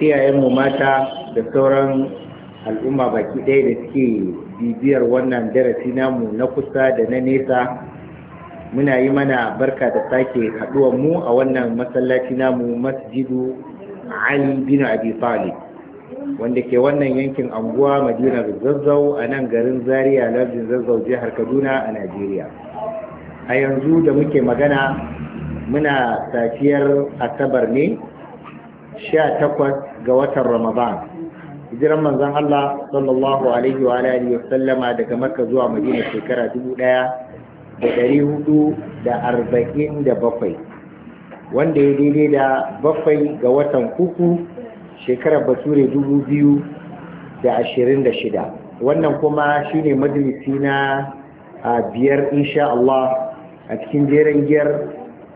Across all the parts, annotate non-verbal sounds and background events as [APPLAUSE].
iyayenmu mata da sauran al'umma baki ɗaya da suke bibiyar wannan darasi namu na kusa da na nesa muna yi mana barka da sake haɗuwar mu a wannan masallaci namu masjidu ali bin abi talib wanda ke wannan yankin anguwa madinar zazzau a nan garin zaria lardin zazzau jihar kaduna a najeriya a yanzu da muke magana muna safiyar asabar ne sha takwas ga watan Ramadan hijiran manzon Allah sallallahu alaihi wa alihi wa sallama daga Makka zuwa Madina shekara dubu da ɗari hudu da arba'in da bakwai wanda ya daidai da bakwai ga watan Kuku shekara bature dubu da ashirin da shida wannan kuma shine majalisi na biyar insha Allah a cikin jerin giyar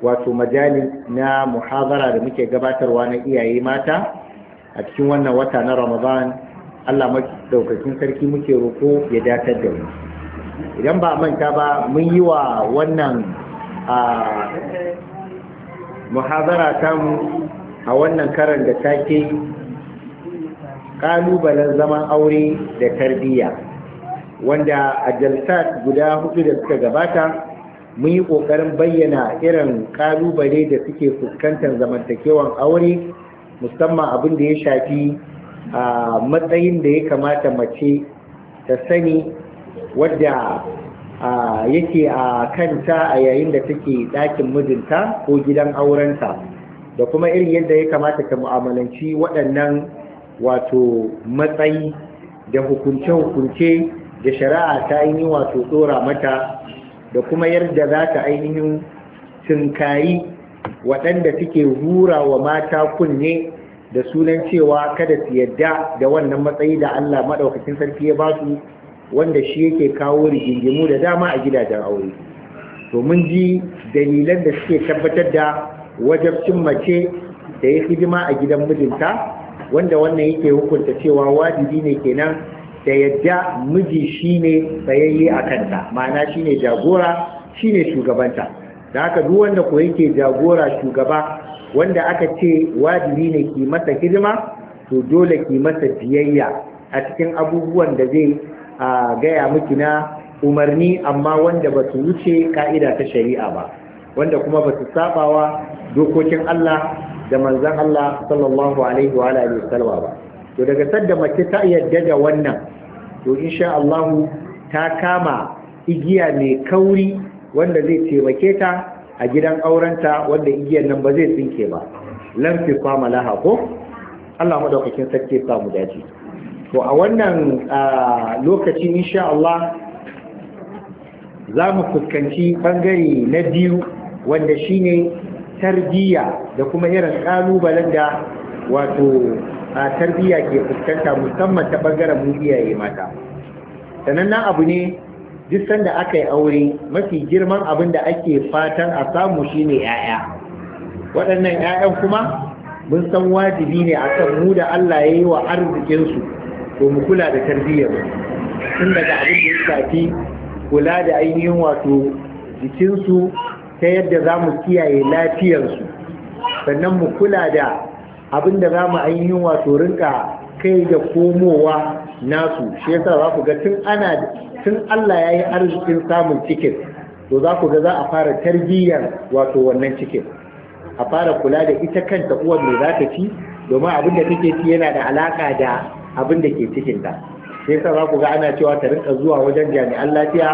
wato majalis na muhazara da muke gabatarwa na iyaye mata a cikin wannan wata na ramadan allah daukakin sarki muke roko ya datar da mu idan ba manta ba mun yi wa wannan muhazara ta mu a wannan karan da take kalubalen zaman aure da tarbiyya wanda a jalsat guda hudu da suka gabata mun yi ƙoƙarin bayyana irin ƙalubale da suke fuskantar zamantakewan aure musamman abin da ya shafi a matsayin da ya kamata mace ta sani wadda yake a kanta a yayin da take ɗakin mijinta ko gidan aurenta da kuma irin yadda ya kamata ta mu'amalanci waɗannan wato matsayi da hukunce-hukunce da shari'a ta yi wato tsora mata da kuma yadda za ta ainihin tunkayi waɗanda suke hura wa mata kunne da sunan cewa kada su yadda da wannan matsayi da Allah maɗaukacin sarki ya ba su wanda shi yake kawo rigingimu da dama a gidajen aure to mun ji dalilan da suke tabbatar da wajabcin mace da ya hidima a gidan mijinta wanda wannan yake hukunta cewa wajibi ne kenan da yadda miji shi ne tsayayye a kanta ma'ana shi ne jagora shi shine shugabanta da haka duk wanda ko yake jagora shugaba wanda aka ce wajibi ne ki masa hidima to dole ki masa biyayya a cikin abubuwan da zai gaya miki na umarni amma wanda ba su wuce ka'ida ta shari'a ba wanda kuma ba su sabawa dokokin Allah da manzon Allah sallallahu alaihi wa alihi ba to daga sadda mace ta yadda da wannan to insha Allah ta kama igiya mai kauri wanda zai taimake ta a gidan aurenta wanda igiyar nan ba zai tsinke ba lan fi kwama laha ko Allah madaukakin sarki ya mu dace to a wannan lokaci insha Allah za mu fuskanci bangare na biyu wanda shine tarbiyya da kuma irin kalubalen da wato a tarbiyya ke fuskanta musamman ta bangaren mu iyaye mata sanannen abu ne duk sanda aka yi aure mafi girman abin da ake fatan a samu shine 'ya'ya waɗannan 'ya'yan kuma mun san wajibi ne akan mu da Allah ya yi wa arzikinsu to mu kula da tarbiyyar tun daga abin da ya shafi kula da ainihin wato jikinsu ta yadda za mu kiyaye lafiyarsu sannan mu kula da abinda za mu ainihin wato rinka kai da komowa nasu shi yasa za ku ga tun ana tun Allah ya yi arzikin samun cikin to za ku ga za a fara tarbiyyar wato wannan cikin a fara kula da ita kanta uwar me za ta ci domin abin da take ci yana da alaka da abin da ke cikin ta shi yasa za ku ga ana cewa ta rinka zuwa wajen jami'an lafiya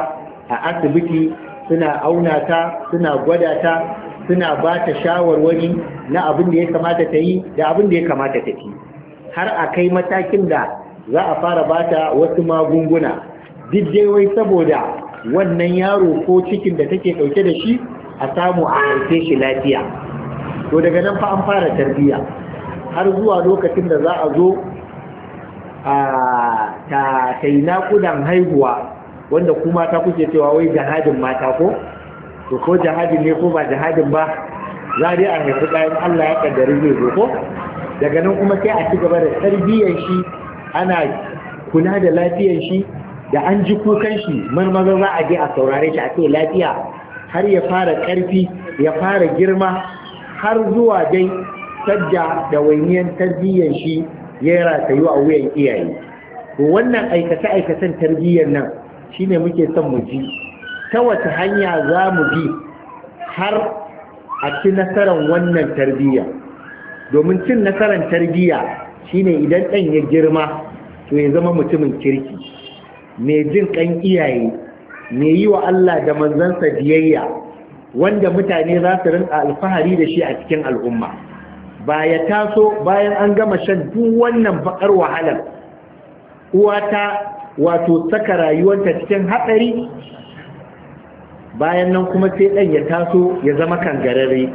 a asibiti suna auna ta suna gwada ta suna ba ta shawarwari na abin da ya kamata ta yi da abin da ya kamata ta ci har a kai matakin da za a fara ba ta wasu magunguna duk wai saboda wannan yaro ko cikin da take ɗauke da shi a samu a haife shi lafiya to daga nan fa an fara tarbiyya har zuwa lokacin da za a zo a ta yi naƙudan haihuwa wanda kuma ta kuke cewa wai jihadin mata ko to ko jihadin ne ko ba jihadin ba za dai a haifi ɗayan Allah ya ƙaddari zai zo ko daga nan kuma sai a ci gaba da tarbiyyar shi ana kula da lafiyar shi da an ji kukan shi marmaza za a je a saurare shi a ce lafiya har ya fara ƙarfi ya fara girma har zuwa dai sajja da wainiyan tarbiyyar shi ya ratayu a wuyan iyaye wannan aikace-aikacen tarbiyyar nan shine muke son mu ji ta wata hanya za mu bi har a ci nasarar wannan tarbiyya domin cin nasarar tarbiyya shine idan ɗan ya girma to ya zama mutumin kirki mai jin ƙan iyaye mai yi wa Allah da manzansa biyayya wanda mutane za su rinka alfahari da shi a cikin al'umma ba ya taso bayan an gama shan duk wannan bakar wahalar Uwata wato saka rayuwarta cikin hatsari bayan nan kuma sai ɗan ya taso ya zama kan garare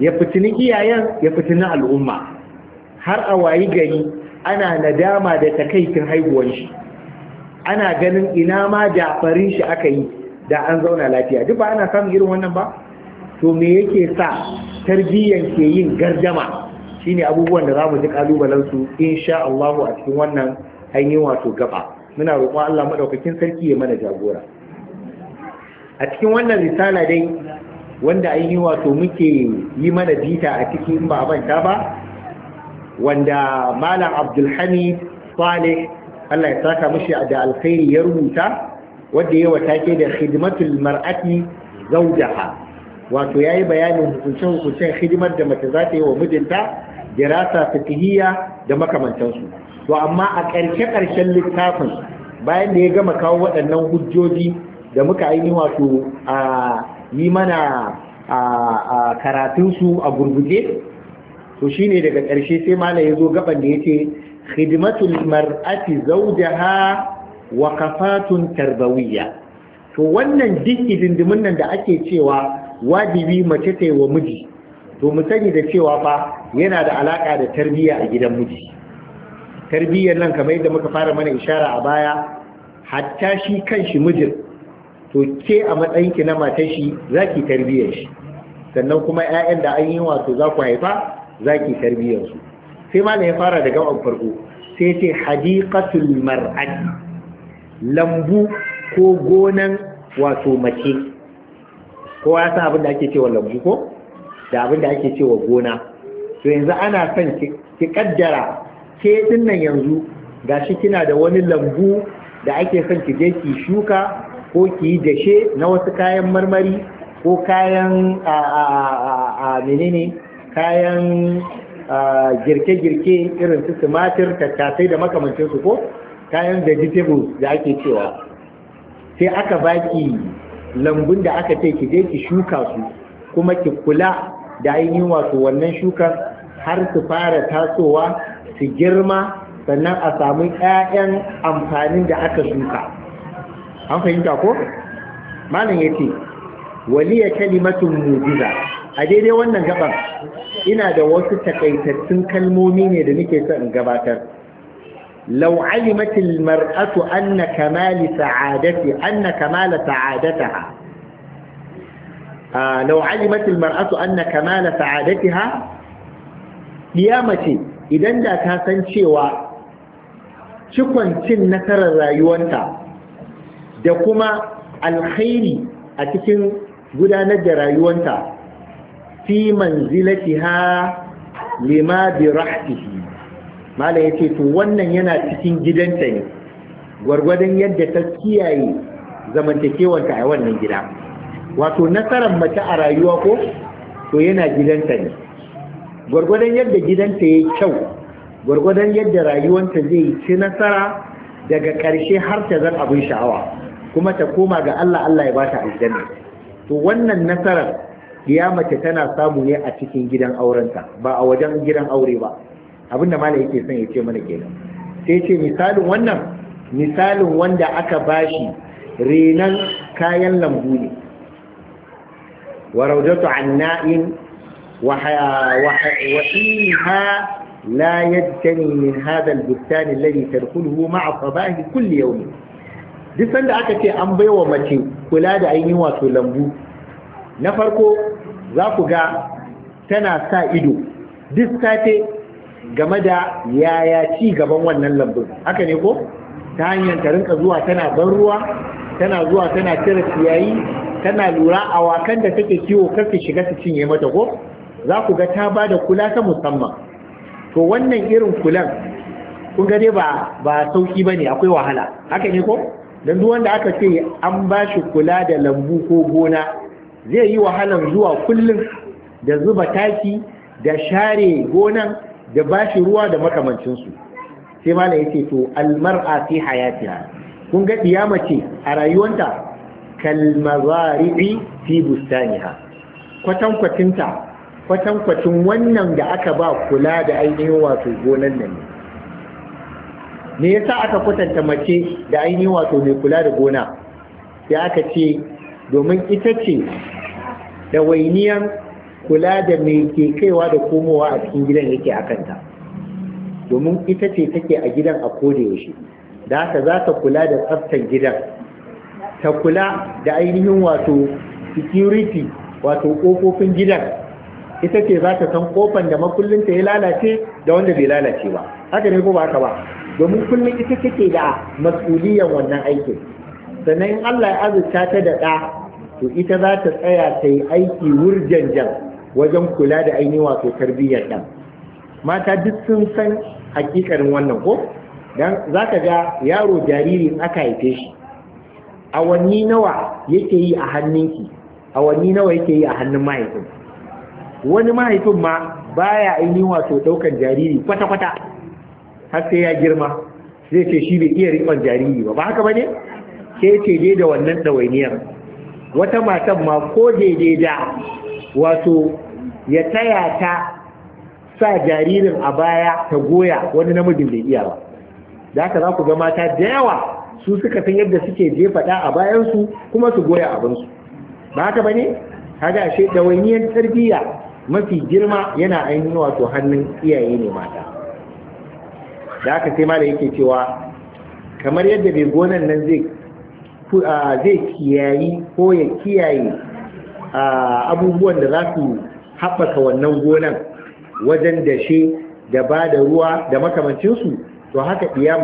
ya fitini iyayen ya fitini al'umma har a wayi gari ana nadama da takaitin haihuwar shi ana ganin ina ma da farin shi aka yi da an zauna lafiya duk ba ana samun irin wannan ba to me yake sa tarbiyyan ke yin gardama shine abubuwan da zamu ji kalubalen su insha Allah a cikin wannan hanyoyi wato gaba muna roƙon Allah madaukakin sarki ya mana jagora a cikin wannan risala dai wanda ainihi wato muke yi mana bita a cikin ba manta ba wanda malam abdulhamid salih Allah ya saka mishi da alkhairi ya rubuta wanda yawa take da khidmatul mar'ati zawjaha wato yayi bayanin hukuncin hukuncin khidmar da mace za ta yi wa mijinta dirasa fiqhiyya da makamantansu to amma a ƙarshe ƙarshen littafin bayan da ya gama kawo waɗannan hujjoji da muka aini wato a yi mana a karatunsu a gurguje to shine daga ƙarshe sai malam ya zo gaban da ya ce khidmatul mar'ati zawjaha wa kafatun tarbawiyya to wannan duk idindimin nan da ake cewa wajibi mace ta wa miji to mu sani da cewa fa yana da alaka da tarbiyya a gidan miji tarbiyyar nan kamar yadda muka fara mana ishara a baya hatta shi kanshi mijin to ke a ki na matar shi za ki tarbiyar shi sannan kuma 'ya'yan da an yi wato za ku haifa za ki tarbiyar su sai ma ya fara da gaban farko sai ce hadiqatul mar'ati lambu ko gonan wato mace kowa ya san abin da ake cewa lambu ko da abin da ake cewa gona to yanzu ana son ki kaddara ke din nan yanzu gashi kina da wani lambu da ake son ki je ki shuka ko ki yi dashe na wasu kayan marmari ko kayan a menene kayan girke-girke irin su tumatir tattasai da makamancinsu ko kayan vegetables da ake cewa sai aka baki lambun da aka ce ki je ki shuka su kuma ki kula da ainihin wasu, wannan shukar har su fara tasowa su girma sannan a samu 'ya'yan amfanin da aka shuka an fahimta ko malam yace waliya kalimatun mujiza a daidai wannan gaban ina da wasu takaitattun kalmomi ne da nake so in gabatar law alimatil mar'atu anna kamali sa'adati anna kamala sa'adataha ah, law alimatil mace idan da ta san cewa cikon cin nasarar rayuwanta da kuma alkhairi a cikin gudanar da rayuwanta fi ha lima bi rahmihi mala yace to wannan yana cikin gidanta ne gwargwadon yadda ta kiyaye zamantakewanta a wannan gida wato nasarar mace a rayuwa ko to yana gidanta ne gwargwadon yadda gidanta ya kyau gwargwadon yadda rayuwanta zai ci nasara daga ƙarshe har ta zan abin sha'awa kuma ta koma ga Allah Allah ya bata aljanna to wannan nasarar ya mace tana samu ne a cikin gidan aurenta ba a wajen gidan aure ba abinda malai yake son ya ce mana kenan sai ce misalin wannan misalin wanda aka bashi renan kayan lambu ne wa raudatu anna'in wa ha لا يجتني من هذا البستان الذي تدخله مع صباه كل يوم duk sanda aka ce an baiwa mace kula da ainihin wato lambu na farko za ku ga tana sa ido duk safe game da yaya ci gaban wannan lambun haka ne ko ta hanyar ta rinka zuwa tana ban ruwa tana zuwa tana cire ciyayi tana lura a wakan da take kiwo kar ta shiga ta cinye mata ko za ku ga ta ba da kula ta musamman to wannan irin kulan kun ga dai ba ba sauki bane akwai wahala haka ne ko don duk wanda aka ce an ba shi kula da lambu ko gona zai yi wahalar zuwa kullum da zuba taki da share gonan da ba shi ruwa da makamancinsu sai ma ya ce to almar'a fi hayatiha kun ga ɗiyama ce a rayuwanta kalmazari'i fi bustaniha kwatankwacinta kwatankwacin wannan da aka ba kula da ainihin wato gonan nan ne me yasa aka kwatanta mace da ainihi wato mai kula da gona ya aka ce domin ita ce da wainiyan kula da mai ke kaiwa da komowa a cikin gidan yake a kanta domin ita ce take a gidan a koda yaushe da haka za ta kula da tsaftar gidan ta kula da ainihin wato security wato ƙofofin gidan ita ce za ta san ƙofan da makullinta ya lalace da wanda bai lalace ba haka ne ko ba haka ba domin kullum ita take da mas'uliyan wannan aikin sannan in Allah ya azurta ta da ɗa to ita za ta tsaya ta yi aiki wurjanjan wajen kula da ainihin wato tarbiyyar ɗan mata duk sun san hakikarin wannan ko dan za ka ga yaro jariri aka haife shi awanni nawa yake yi a hannunki awanni nawa yake yi a hannun mahaifin wani mahaifin ma baya ainihin wato ɗaukan jariri kwata-kwata har sai ya girma zai ce shi bai iya riƙon jariri ba ba haka ba ne ke ce dai da wannan ɗawainiyar wata matan ma ko daidai da wato ya taya ta sa jaririn a baya ta goya wani namijin bai iya ba da haka za ku ga mata da yawa su suka san yadda suke je faɗa a bayansu kuma su goya abinsu ba haka ba ne kaga ashe ɗawainiyar tarbiyya mafi girma yana ainihin wato hannun iyaye ne mata da aka sai malam yake cewa kamar yadda mai gonan nan zai zai kiyayi ko ya kiyaye abubuwan da za su haɓaka wannan gonan wajen dashe da ba da ruwa da makamancinsu to haka iya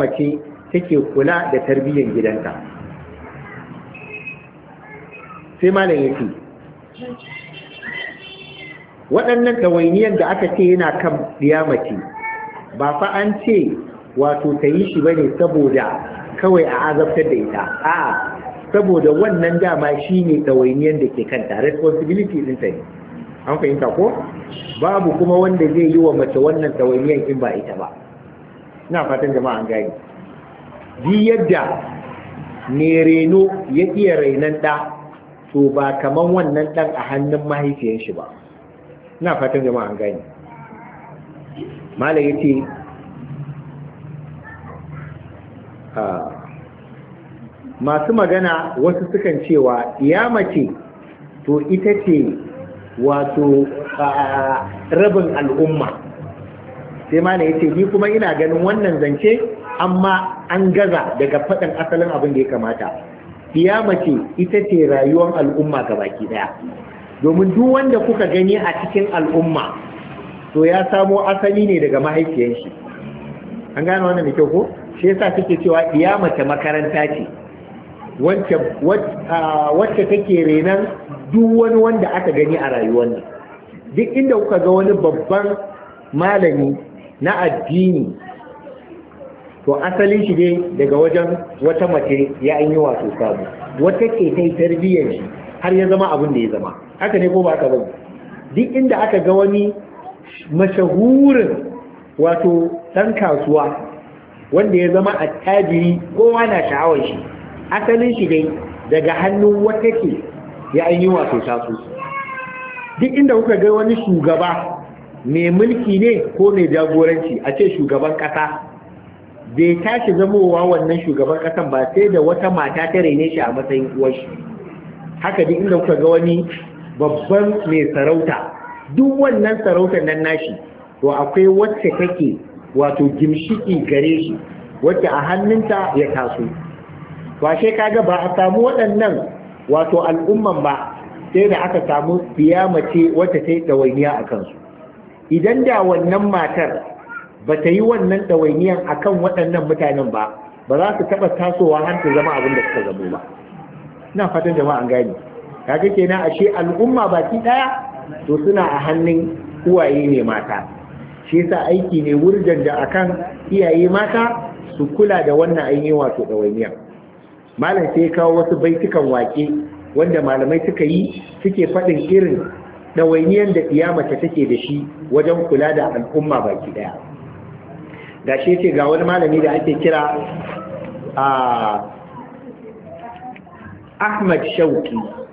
take kula da tarbiyyar gidanta sai malam ya ce waɗannan ɗawainiyar da aka ce yana kan ɗiyamace ba fa an ce wato ta yi shi bane saboda kawai a azabtar da ita a saboda wannan dama shi ne tsawainiyar da ke kanta responsibility din ta ne an fahimta ko babu kuma wanda zai yi wa mace wannan tsawainiyar in ba ita ba ina fatan jama'a an gani Bi yadda ne reno ya iya rainan ɗa to ba kaman wannan ɗan a hannun mahaifiyar shi ba ina fatan jama'a an gani mala ya ce masu magana wasu sukan cewa ya mace to ita ce wato rabin al'umma sai mala ya ce ni kuma ina ganin wannan zance amma an gaza daga faɗin asalin abin da ya kamata ya ce ita ce rayuwar al'umma ga baki daya domin duk wanda kuka gani a cikin al'umma to ya samo asali ne daga mahaifiyar an gane wannan da kyau ko shi yasa take cewa iya mace makaranta ce wacce take renan duk wani wanda aka gani a rayuwar nan duk inda kuka ga wani babban malami na addini to asalin shi ne daga wajen wata mace ya an yi wato samu wata ke ta tarbiyyar shi har ya zama abin da ya zama haka ne ko ba ka ba duk inda aka ga wani mashahurin wato ɗan kasuwa wanda ya zama a attajiri kowa na sha'awar shi asalin shi dai daga hannun wata ke ya an yi wato duk inda kuka ga wani shugaba mai mulki ne ko mai jagoranci a ce shugaban ƙasa bai tashi zamowa wannan shugaban ƙasan ba sai da wata mata ta raine shi a matsayin uwar shi haka duk inda kuka ga wani babban mai sarauta duk wannan sarautar nan nashi to akwai wacce take wato gimshiki gare shi wacce a hannunta ya taso to ashe kaga ba a samu waɗannan wato al'umman ba sai da aka samu mace wacce ta yi ɗawainiya a kansu idan da wannan matar ba ta yi wannan ɗawainiyan a kan waɗannan mutanen ba ba za su taɓa tasowa har su zama abin da suka zamo ba ina fatan jama'a an gane kaga kenan ashe al'umma baki ɗaya to suna a hannun uwaye ne mata shi yasa aiki ne wurjan da akan iyaye mata su kula da wannan ainihin wato ɗawainiyar malam sai kawo wasu baitukan wake wanda malamai suka yi suke faɗin irin ɗawainiyar da ta take da shi wajen kula da al'umma baki ɗaya ga shi ce ga wani malami da ake kira a ahmad shauki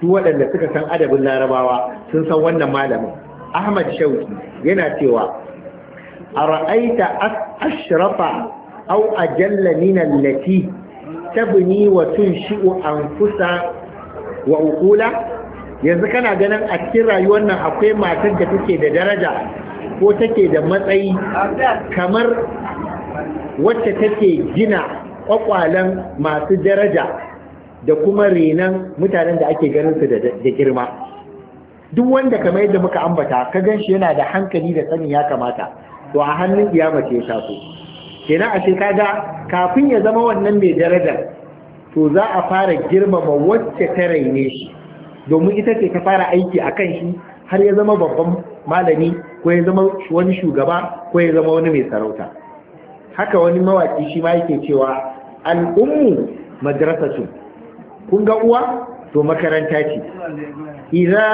su waɗanda suka san adabin larabawa sun san wannan malamin ahmad shauki yana cewa a ra'aita ashrafa au ajalla Lati ta bini wa tun an kusa wa ukula yanzu kana ganin a cikin rayuwar nan akwai matar da take da daraja ko take da matsayi kamar wacce take gina kwakwalen masu daraja da kuma renan mutanen da ake ganin su da girma duk wanda kamar yadda muka ambata ka gan shi yana da hankali da sani ya kamata to a hannun kiyama ce ya taso kenan a kaga kafin ya zama wannan mai daraja to za a fara girmama wacce ta raine shi domin ita ce ka fara aiki a kan shi har ya zama babban malami ko ya zama wani shugaba ko ya zama wani mai sarauta haka wani mawaki shi ma yake cewa al'ummu madrasatu kun ga uwa to makaranta ce idza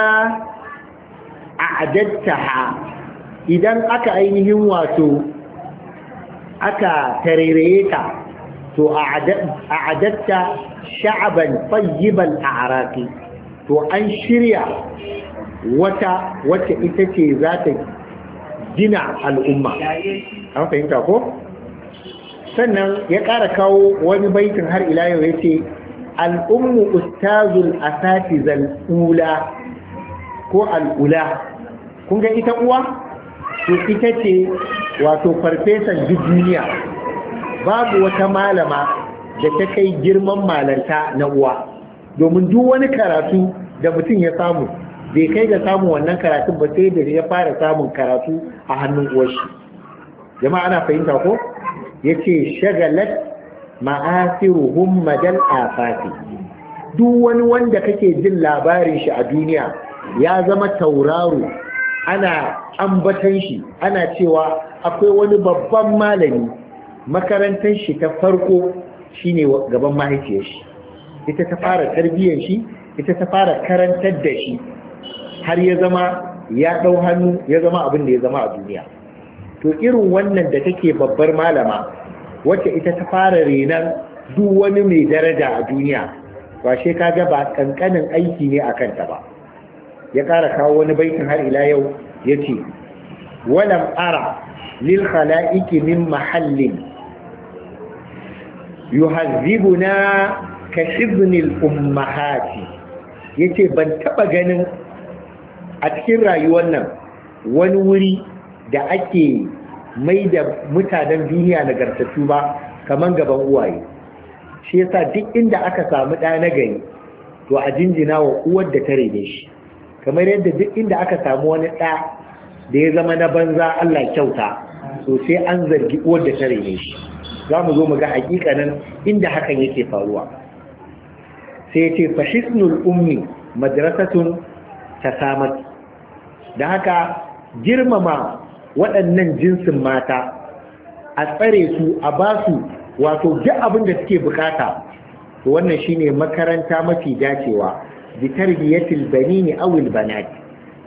a'adattaha idan aka ainihin wato aka tarereye ta to a'adatta sha'aban a araki to an shirya wata wacce ita ce za ta gina al'umma an fahimta ko sannan ya ƙara kawo wani baitin har ila yau ya ce al'ummu ustazul asati zal'ula ko al'ula kun ga ita uwa to ita ce wato farfesan duk duniya babu wata malama da ta kai girman malanta na uwa domin duk wani karatu da mutum ya samu bai kai ga samun wannan karatun ba sai da ya fara samun karatu a hannun uwarshi jama'a ana fahimta ko yace shagalat ma'asiruhum madal afati duk wani wanda kake jin labarin shi a duniya ya zama tauraro ana ambatan shi ana cewa akwai wani babban malami makarantar shi ta farko shine gaban mahaifiyar shi ita ta fara tarbiyyar shi ita ta fara karantar da shi har ya zama ya ɗau hannu ya zama abin da ya zama a duniya to irin wannan da take babbar malama wacce ita ta fara renar duk wani mai daraja a duniya Ba washe ga ba kankanin aiki ne a kanta ba ya ƙara kawo wani baikin har ila yau ya ce walam ara lil khalaiki min mahallin yuhazzibuna ka shibnil ummahati yace ban taɓa ganin a cikin rayuwar nan wani wuri da ake mai da mutanen duniya nagartattu ba kaman gaban uwaye shi yasa duk inda aka samu ɗa na gari to a jinjina wa uwar da ta rene shi kamar yadda duk inda aka samu wani ɗa da ya zama na banza Allah kyauta to sai an zargi uwar da ta rene shi za mu zo mu ga nan inda hakan yake faruwa sai ce fashisnul ummi madrasatun samar. da haka girmama waɗannan jinsin mata a tsare su a ba su wato duk abin da suke bukata wannan wannan shine makaranta mafi dacewa bi tarbiyatil banini aw al banat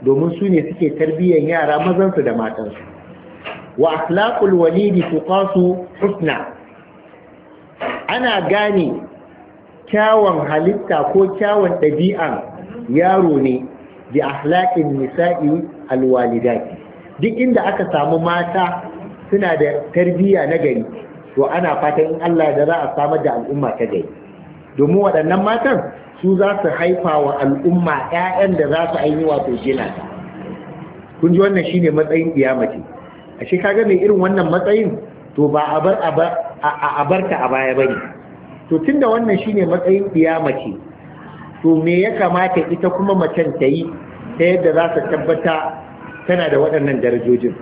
domin su ne suke tarbiyyar yara mazan su da matan su wa akhlaqul walidi tuqasu husna ana gane kyawun halitta ko kyawun ɗabi'an yaro ne bi akhlaqin nisa'i alwalidati duk inda aka samu mata suna da tarbiyya na gari to ana fatan in Allah da za a samar da al'umma ta gari domin waɗannan matan su za su haifa wa al'umma 'ya'yan da za su ainihi wato gina ta kun ji wannan shine matsayin kiyamati a shi kaga mai irin wannan matsayin to ba a bar a barka a baya bane to tunda wannan shine matsayin kiyamati to me ya kamata ita kuma macen ta yi ta yadda za ta tabbata tana da waɗannan darajojin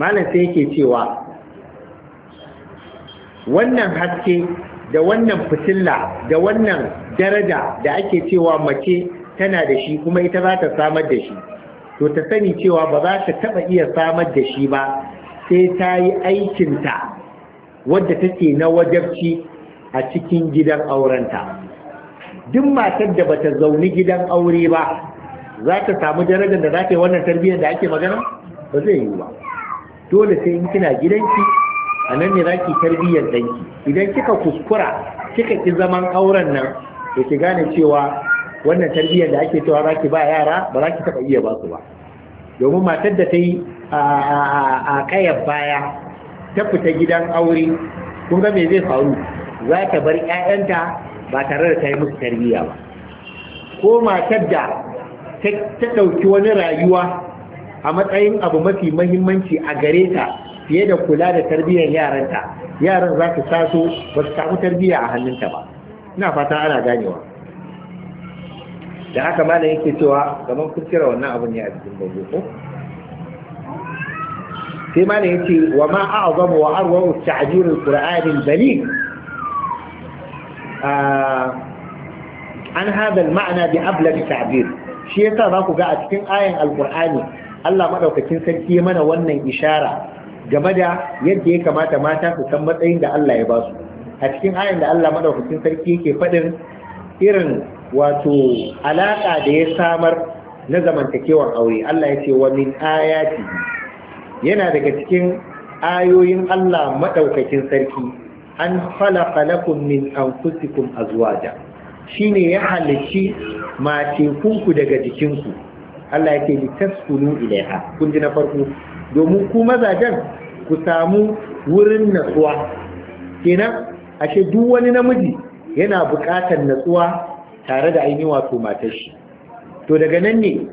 malam sai yake cewa wannan haske da wannan fitilla da wannan daraja da ake cewa mace tana da shi kuma ita za ta samar da shi to ta sani cewa ba za ta taɓa iya samar da shi ba sai ta yi aikinta wadda take na wajabci a cikin gidan aurenta duk matar da bata zaune gidan aure ba za ta samu darajar da za ta yi wannan tarbiyyar da ake magana ba zai yi ba dole sai in kina gidanki a nan ne za ki tarbiyyar danki idan kika kuskura kika ki zaman auren nan da ki gane cewa wannan tarbiyyar da ake cewa za ki ba yara ba za ki taɓa iya ba su ba domin matar da ta yi a ƙayar baya ta fita gidan aure kun ga me zai faru za ta bar 'ya'yanta ba tare da ta yi musu tarbiyya ba ko matar da ta ɗauki wani rayuwa a matsayin abu mafi mahimmanci a gare ta fiye da kula da tarbiyyar yaranta yaran za su taso ba su samu tarbiyya a hannunta ba ina fata ana ganewa da haka da yake cewa kamar kun cire wannan abun ne a cikin bango ko sai da yake wa ma a'zamu wa arwahu ta'jir al bali al ah, an hada al-ma'na bi bi ta'bir shi yasa za ku ga a cikin ayan alkur'ani Allah madaukakin sarki ya mana wannan ishara game da yadda ya kamata mata su san matsayin da Allah ya ba su a cikin ayan da Allah madaukakin sarki yake faɗin irin wato alaƙa da ya samar na zamantakewar aure Allah ya ce wa min ayati yana daga cikin ayoyin Allah madaukakin sarki an khalaqa lakum min anfusikum azwaja Shi ne ya halarci matekunku daga jikinku Allah ya ce li taskunu ilaiha kun ji na farko domin ku mazajen ku samu wurin natsuwa kenan ashe duk wani namiji yana buƙatar natsuwa tare da ainihin wato matar shi to daga nan ne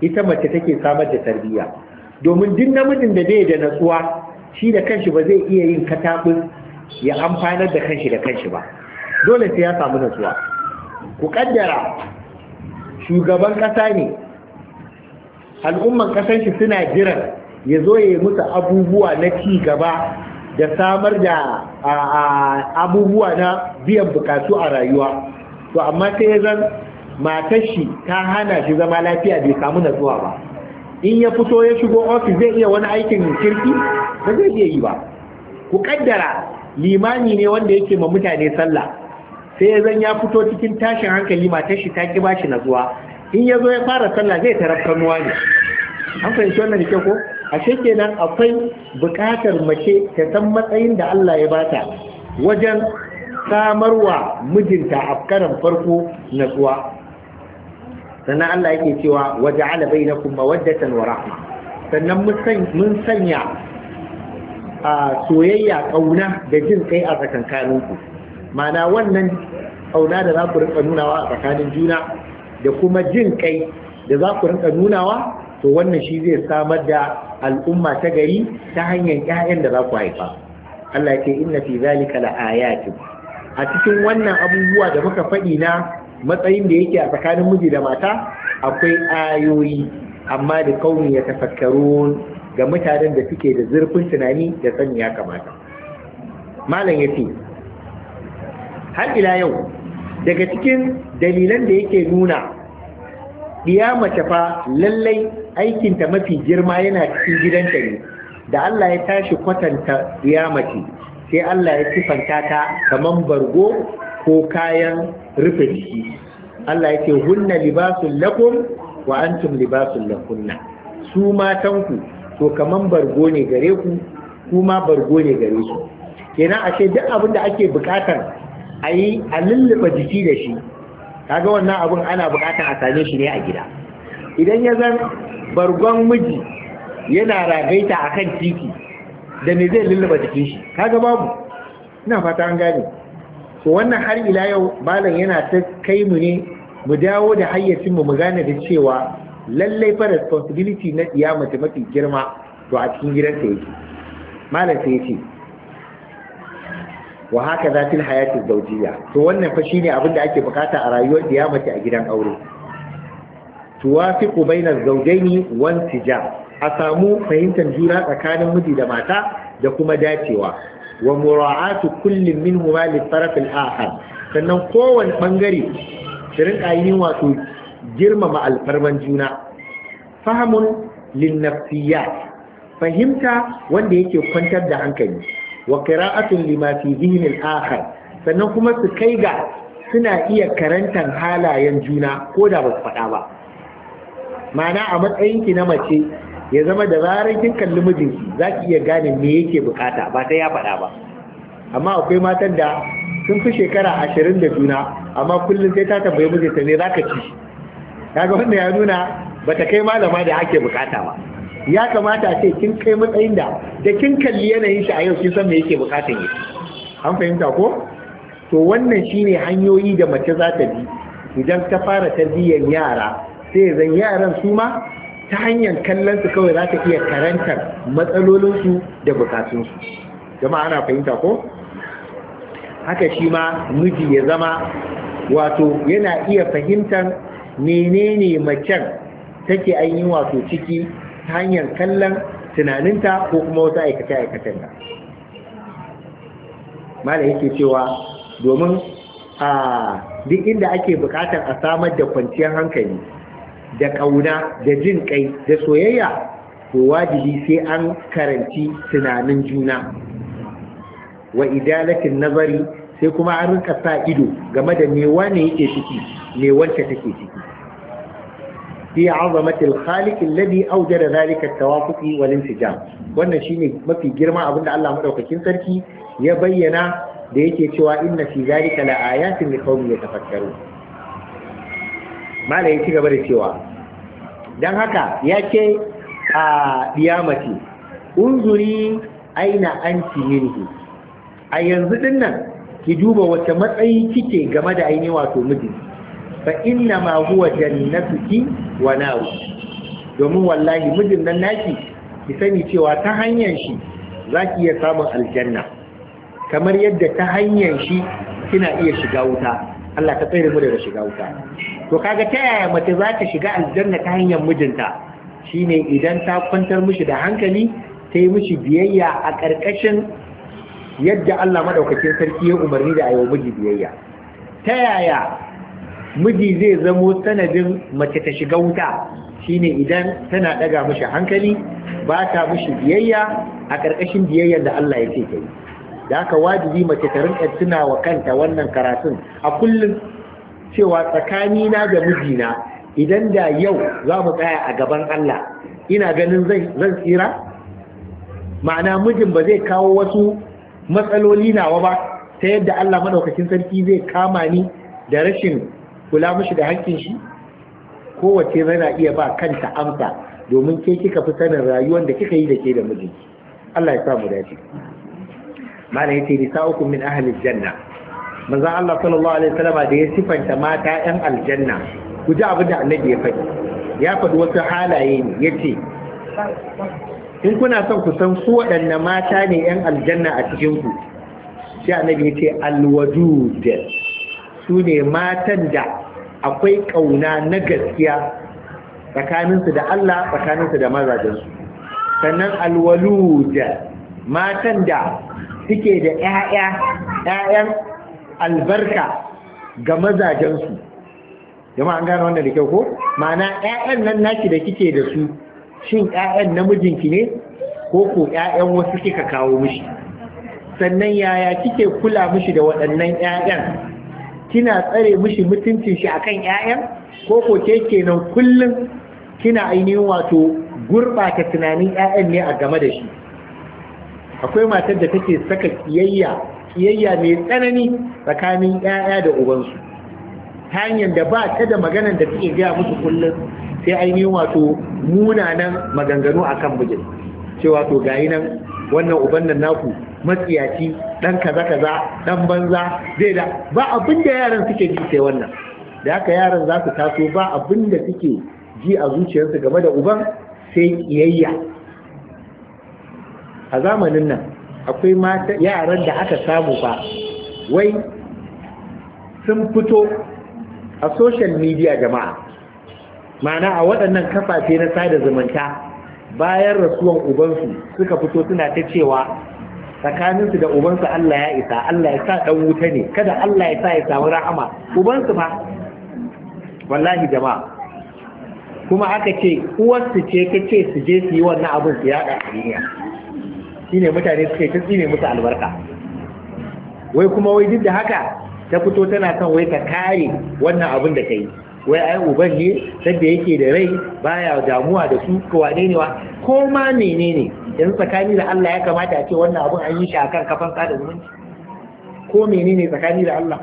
ita mace take samar da tarbiyya domin duk namijin da bai da natsuwa shi da kanshi ba zai iya yin katabin ya amfanar da kanshi da kanshi ba dole sai ya samu natsuwa. ku kaddara shugaban ƙasa ne al'umman ƙasar shi suna jiran ya zo ya yi musu abubuwa na ci gaba da samar da abubuwa na biyan bukatu a rayuwa to amma sai ya zan matar shi ta hana shi zama lafiya bai samu natsuwa ba in ya fito ya shigo ofis zai iya wani aikin kirki ba zai iya yi ba ku kaddara limani ne wanda yake ma mutane sallah sai zan ya fito cikin tashin hankali matar shi ta ki bashi zuwa, in ya zo ya fara sallah zai tarar kanuwa ne an fahimci wannan da ko ashe nan, akwai buƙatar mace ta san matsayin da Allah ya bata wajen samarwa mijinta a karan farko na zuwa, sannan Allah yake cewa na bainakum mawaddatan wa rahma sannan mun sanya a soyayya kauna da jin kai a tsakankaninku ma'ana wannan ƙauna da za ku rinka nunawa a tsakanin juna da kuma jin kai da za ku rinka nunawa to wannan shi zai samar da al'umma ta gari ta hanyar ƴaƴan da za ku haifa Allah ce inna fi zalika laayatin a cikin wannan abubuwa da muka faɗi na matsayin da yake a tsakanin miji da mata akwai ayoyi amma da kauni ya tafakkarun ga mutanen da suke da zurfin tunani da sani ya kamata malam ya fi. har ila yau daga cikin dalilan da yake nuna ɗiya mace fa lallai aikinta mafi girma yana cikin gidanta ne da Allah ya tashi kwatanta ɗiya mace sai Allah ya sifanta ta kaman bargo ko kayan rufe jiki Allah ya ce hunna libasun lakum wa antum libasun lakunna su matanku to kaman bargo ne gare ku kuma bargo ne gare su kenan ashe duk abin da ake bukatar a yi a lulluɓa jiki da shi kaga wannan abun ana buƙatar a same shi ne a gida idan ya zan bargon miji yana ragaita a kan titi da ne zai lulluɓa jikin shi kaga babu ina fata an gane to wannan har ila yau malam yana ta kai mu ne mu dawo da hayyacinmu mu gane da cewa lallai fa responsibility na iya mace mafi girma to a cikin gidansa yake malam sai ya ce wa haka za fil hayati zawjiyya to wannan fa shine abin da ake bukata a rayuwar da mace a gidan aure tuwafiqu baina zawjaini wan tijab a samu fahimtar juna tsakanin miji da mata da kuma dacewa wa mura'atu kullin minhuma li taraf al akhar sannan kowane bangare su rinka wato girmama alfarman juna fahamun lin nafsiyat fahimta wanda yake kwantar da hankali wa qira'atun lima fi al akhar sannan kuma su kai ga suna iya karantan halayen juna ko da ba su faɗa ba ma'ana a matsayin ki na mace ya zama da zarar kin kalli mijinki za ki iya gane me yake bukata ba ta ya faɗa ba amma akwai matan da sun fi shekara ashirin da juna amma kullum sai ta tambayi mijinta ne za ka ci kaga wanda ya nuna bata kai malama da ake bukata ba ya kamata a ce kin kai matsayin da da kin kalli yanayin shi a yau kin san me yake bukatan yi an fahimta ko to wannan shine hanyoyi da mace za ta bi idan ta fara tarbiyyar yara sai zan yaran su ma ta hanyar kallon su kawai za ta iya karantar matsalolinsu da bukatunsu jama'a ana fahimta ko haka shi ma miji ya zama wato yana iya fahimtar menene macen take ainihin wato ciki ta hanyar kallon tunaninta ko kuma wata aikace-aikacen da malam yake cewa domin a duk inda ake bukatar a samar da kwanciyar hankali da ƙauna da jin kai da soyayya ko wajibi sai an karanci tunanin juna wa idalatin nazari sai kuma an rinka sa ido game da me wane yake ciki me wacce take ciki fi azamatil khaliq alladhi awjada zalika at-tawafuq wal insijam wannan shine mafi girma abinda Allah madaukakin sarki ya bayyana da yake cewa inna fi zalika la ayatin li qaumin yatafakkarun mala ya ci gaba da cewa dan haka ya ce a diyamati unzuri aina anti minhu a yanzu dinnan ki duba wace matsayi kike game da ainihin wato miji. fa inna ma huwa jannatuki wa nawu domin wallahi mijin nan naki ki sani cewa ta hanyar shi za ki iya samun aljanna kamar yadda ta hanyar shi kina iya shiga wuta Allah ta tsere mu daga shiga wuta to kaga ta yaya mace za ta shiga aljanna ta hanyar mijinta shine idan ta kwantar mishi da hankali ta yi mishi biyayya a ƙarƙashin yadda Allah madaukakin sarki ya umarni da ayyuka miji biyayya ta yaya miji zai zamo sanadin mace ta shiga wuta shine idan tana daga mishi hankali ba ta mishi biyayya a ƙarƙashin biyayyar da Allah ya ce ta yi da aka wajibi mace ta rinka tuna kanta wannan karatun a kullum cewa tsakanina da mijina idan da yau za mu tsaya a gaban Allah ina ganin zan tsira ma'ana mijin ba zai kawo wasu matsaloli nawa ba ta yadda Allah madaukakin sarki zai kama ni da rashin kula mashi da hankin shi kowace rana iya ba kanta amsa domin ke kika fi sanin rayuwar da kika yi da ke da mijinki Allah ya sa mu dace malai yace nisa'ukum min ahli janna manzo Allah sallallahu alaihi wasallam da ya sifanta mata yan aljanna ku ji abin da annabi ya faɗi ya faɗi wasu halaye ne yace in kuna son ku san su waɗanne mata ne yan aljanna a cikin ku sai annabi yace alwadud su ne matan da akwai ƙauna na gaskiya tsakaninsu da Allah tsakaninsu da mazajensu sannan da matan da suke da ‘ya'ya ‘ya'yan albarka ga mazajensu jama'a an gane wannan da kyau ko ma'ana ‘ya'yan nan naki da kike da su shin ‘ya'yan namijinki ne ko ko ‘ya'yan wasu kika kawo mishi sannan yaya kike kula mishi da waɗannan ‘ya'yan kina tsare mishi mutunci shi akan ƴaƴan ko ko ke kenan kullum kina ainihin wato gurɓata tunanin ƴaƴan ne a game da shi akwai matar da take saka kiyayya kiyayya mai tsanani tsakanin ƴaƴa da ubansu ta hanyar da ba ta da maganar da take gaya musu kullum sai ainihin wato munanan maganganu akan mijin cewa to gayi nan wannan uban nan naku matsiyaci dan kaza kaza dan banza zai da ba abin da yaran suke ji sai wannan da haka yaran za su taso ba abin da suke ji a zuciyarsu game da uban sai kiyayya a zamanin nan akwai mata yaran da aka samu ba wai sun fito a social media jama'a ma'ana a waɗannan kafafe na sada zumunta bayan rasuwan ubansu suka fito suna ta cewa tsakaninsu da ubansu Allah ya isa Allah ya sa dan wuta ne kada Allah ya sa ya samu rahama ubansu fa wallahi jama'a kuma aka ce uwarsu ce ka ce su je su yi wannan abin su yada a duniya shine mutane suke ta tsine musu albarka wai kuma wai duk da haka ta fito tana son wai ka kare wannan abin da ta yi wai ai uban ne sabbe yake da rai baya damuwa da su ko wane ne wa ko ma menene yanzu tsakani da Allah ya kamata a ce wannan abun an yi shi akan kafan sada zumunci ko menene tsakani da Allah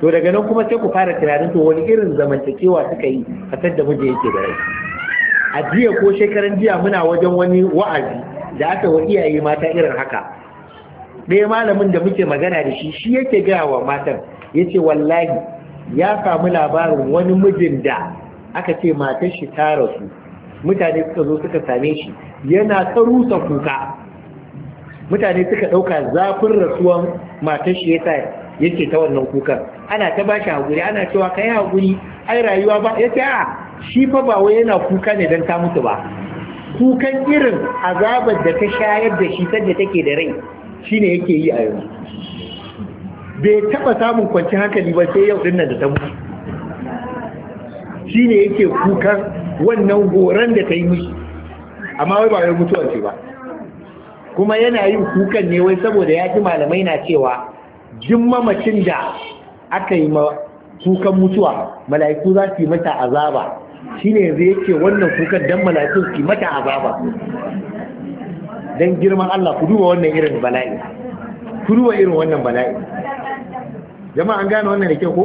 to daga nan kuma sai ku fara tunanin to wani irin zamantakewa suka yi a da muje yake da rai a jiya ko shekaran jiya muna wajen wani wa'azi da aka wa iyaye mata irin haka ɗaya malamin da muke magana da shi shi yake gaya wa matan yace wallahi ya samu labarin wani mijin da aka ce matar shi ta rasu mutane suka zo suka same shi yana ta rusa kuka mutane suka ɗauka zafin rasuwan matar shi yasa yake ta wannan kukan ana ta ba shi haƙuri ana cewa ka yi haƙuri ai rayuwa ba ya ce a shi fa ba wai yana kuka ne don ta mutu ba kukan irin azabar da ta shayar da shi sanda take da rai shine yake yi a yanzu bai taba samun kwanci hankali ba sai yau dinnan da ta mutu shine yake kukan wannan goran da ta yi mishi amma wai ba wai mutuwar ce ba kuma yana yin kukan ne wai saboda ya ji malamai na cewa jin mamacin da aka yi ma kukan mutuwa mala'iku za su yi mata azaba shine yanzu yake wannan kukan dan mala'iku su yi mata azaba dan girman Allah ku duba wannan irin bala'i ku duba irin wannan bala'i jama'a an gane wannan da ke ko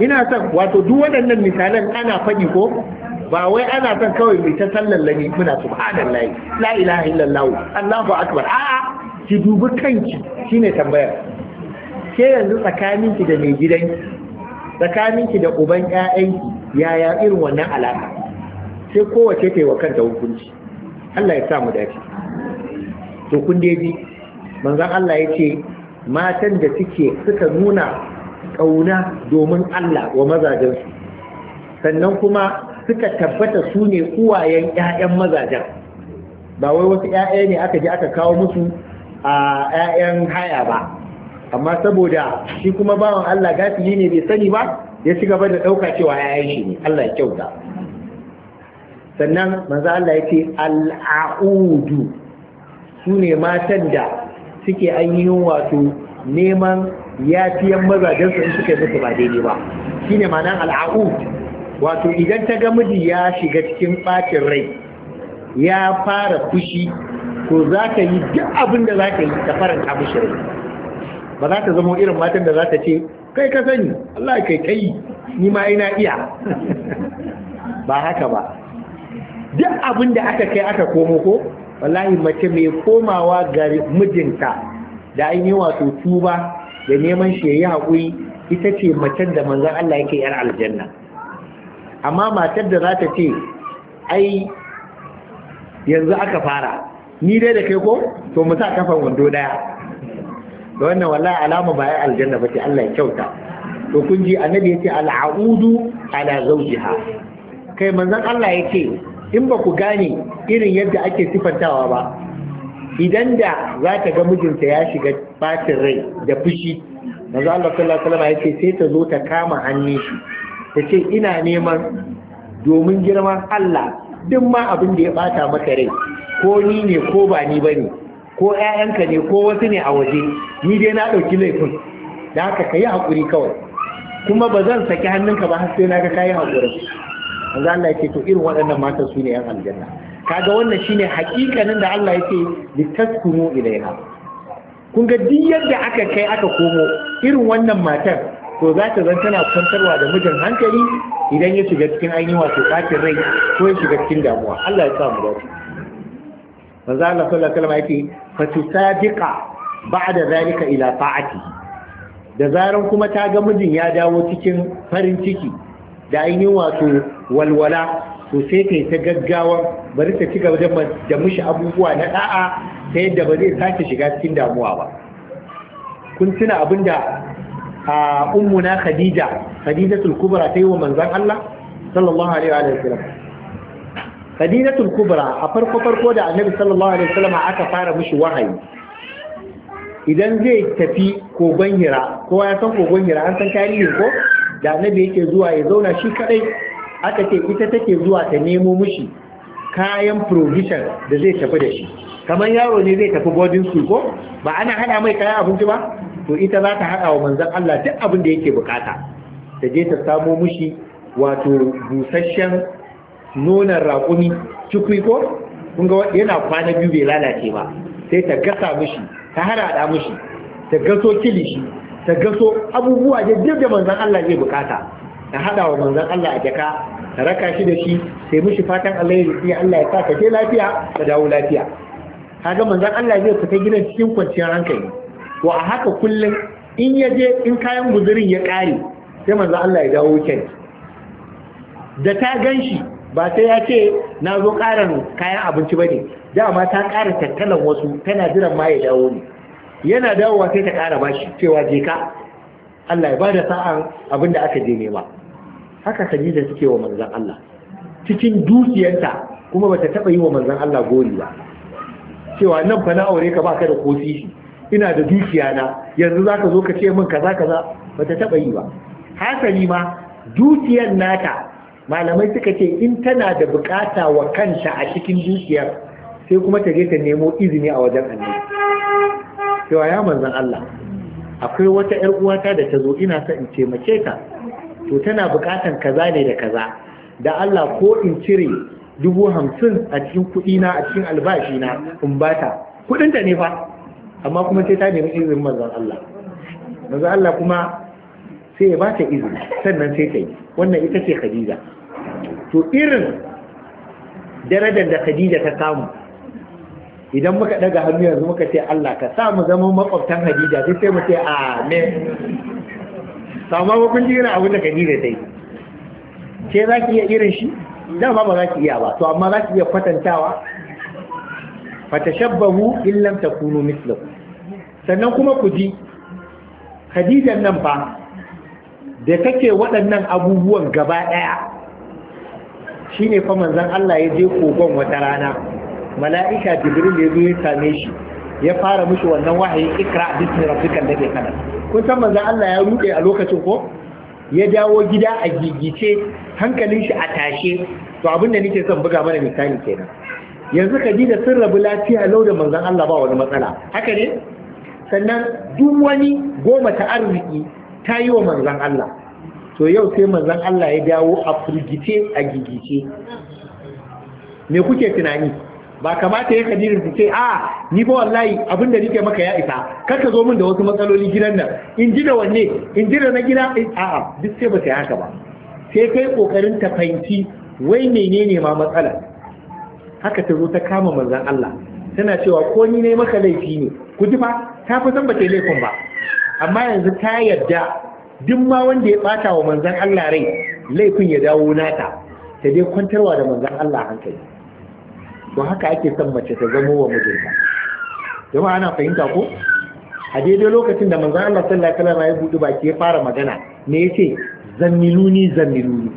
ina son wato duk waɗannan misalan ana faɗi ko ba wai ana son kawai mai ta sallan lani muna subhanallahi la ilaha illallah allahu akbar a'a ki dubi kanki shine tambayar ke yanzu tsakaninki da mai tsakanin tsakaninki da uban ki? yaya irin wannan alaka sai kowace ta yi wa kanta hukunci Allah ya sa mu dace to kun dai bi manzon Allah ya ce matan da suke suka nuna ƙauna domin Allah wa mazajensu sannan kuma suka tabbata su ne uwayen 'ya'yan mazajen ba wai wasu 'ya'ya ne aka ji aka kawo musu a 'ya'yan haya ba amma saboda shi kuma bawan Allah gafili ne bai sani ba ya ci gaba da ɗauka cewa 'ya'yan shi ne Allah ya kyauta sannan manzo Allah ya ce al'audu su ne matan da suke ainihin wato neman yafiyan mazajensu in suka yi mutu ba daidai ba shine nan al'a'u wato idan ta ga miji ya shiga cikin ɓacin rai ya fara fushi ko za ka yi duk abin da za ka yi ta faranta mushi rai ba za ta zama irin matan da za ta ce kai ka sani Allah kai kai ni ma ina iya [LAUGHS] ba haka ba duk abin da aka kai aka komo ko wallahi mace mai komawa ga mijinta da ainihin wato tuba da neman shi yayi haƙuri ita ce macen da manzon Allah yake yar aljanna amma matar da za ta ce ai yanzu aka fara ni dai da kai ko to mu sa kafan wando daya da wannan wallahi alama ba ai aljanna ba ce Allah ya kyauta to kun ji annabi yace al'audu ala zawjiha kai manzon Allah yace in ba ku gane irin yadda ake sifantawa ba idan da za ta ga mijinta ya shiga bacin rai da fushi manzo Allah sallallahu alaihi wasallam sai ta zo ta kama hannu shi ta ce ina neman domin girman Allah duk ma abin da ya bata maka rai ko ni ne ko ba ni bane ko ƴaƴanka ne ko wasu ne a waje ni dai na ɗauki laifin da haka ka yi haƙuri kawai kuma ba zan saki hannunka ba har sai na ga ka hakuri. wanda Allah yake to irin waɗannan matan su ne yan aljanna kaga wannan shine hakikanin da Allah yake litaskunu ilaiha kun ga duk yadda aka kai aka komo irin wannan matar to za ta zan tana kwantarwa da mijin hankali idan ya shiga cikin ainihin wato ɓacin rai ko ya shiga cikin damuwa Allah ya sa mu dace manzo Allah sallallahu alaihi wasallam yake tusabiqa ba'da zalika ila ta'ati da zaran kuma ta ga mijin ya dawo cikin farin ciki da ainihin wato walwala to sai yi ta gaggawa bari ta ci gaba da mishi abubuwa na da'a ta yadda ba zai sake shiga cikin damuwa ba kun tuna abin da a ummuna khadija khadijatul kubra ta yi wa Manzan Allah sallallahu alaihi wa sallam khadijatul kubra a farko farko da annabi sallallahu alaihi wa sallam aka fara mishi wahayi idan zai tafi kogon hira kowa ya san kogon hira an san tarihin ko da annabi yake zuwa ya zauna shi kadai aka ce ita take zuwa ta nemo mishi kayan provision da zai tafi da shi kamar yaro ne zai tafi boarding school ko ba ana hada mai kayan abinci ba to ita za ta hada wa manzon Allah duk abin da yake bukata ta je ta samo mishi wato busasshen nonon raƙumi cikwi ko kun ga yana kwana biyu bai lalace ba sai ta gasa mushi ta harada mushi ta gaso kilishi ta gaso abubuwa da da manzan Allah zai bukata ta hada wa manzan Allah a jaka ta raka shi da shi sai mishi fatan Allah ya rufi Allah ya sa ka je lafiya ka dawo lafiya kaga manzan Allah zai fita gidan cikin kwanciyar hankali to a haka kullum in ya je in kayan guzurin ya kare sai manzan Allah ya dawo kyan da ta gan shi ba sai ya ce na zo karan kayan abinci ba ne dama ta kara tattalan wasu tana jiran ma ya dawo ne yana dawowa sai ta ƙara bashi cewa je ka Allah ya bada sa'an abin da aka je nema haka da suke wa manzon Allah cikin dukiyarta kuma bata taba yi wa manzon Allah gori ba cewa nan fa na aure ka baka da kofi ina da dukiya na yanzu zaka zo ka ce min kaza kaza bata taba yi ba hasali ma dukiyar nata malamai suka ce in tana da bukata wa kanta a cikin dukiyar sai kuma ta je ta nemo izini a wajen annabi cewa ya manzan Allah akwai wata ‘yar uwata da ta zo ina sa in taimake ta to tana bukatan kaza ne da kaza da Allah ko in cire dubu hamsin a cikin kuɗina a cikin albashina in bata kuɗinta ne fa amma kuma sai ta nemi izinin manzan Allah manzan Allah kuma sai ya ta izini sannan sai ta yi wannan ita ce Khadija to irin darajar da Khadija ta samu idan muka daga hannu yanzu muka ce Allah ka sa mu zama makwabtan Hadija sai sai mu ce amin amma ba kun ji irin abin da ka ta yi ce za ki iya irin shi dama ba za ki iya ba to amma za ki iya kwatantawa fatashabbahu in lam takunu mithlahu sannan kuma ku ji Khadijan nan fa da take waɗannan abubuwan gaba ɗaya shine fa manzon Allah ya je kogon wata rana mala'ika jibril ya zo ya same shi ya fara mushi wannan wahayi ikra bismi rabbikal ladhi khalaq kun san manzon Allah ya rude a lokacin ko ya dawo gida a gigice hankalin shi a tashe to abin da nake son buga mana misali kenan yanzu Khadija sun rabu lafiya lau da manzon Allah ba wani matsala haka ne sannan duk wani goma ta arziki ta yi wa manzon Allah to yau sai manzon Allah ya dawo a firgice a gigice me kuke tunani ba kamata ya kadirin su ce a ni ba wallahi abin da nike maka ya isa kar ka zo min da wasu matsaloli gidan nan in ji da wanne in ji da na gida eh, a'a duk sai ba ta haka ba sai kai kokarin ta fahimci wai menene ma matsala haka ta zo ta kama manzon Allah tana cewa ko ni ne maka laifi ne ku ji fa ta fi san ba ta laifin ba amma yanzu ta yarda duk ma wanda ya bata wa manzon Allah rai laifin ya dawo nata ta dai kwantarwa da manzon Allah hankali to haka ake son mace ta zamo wa mijinta jama'a ana fahimta ko a daidai lokacin da manzon Allah sallallahu alaihi wasallam ya buɗe baki ya fara magana ne yace zammiluni zammiluni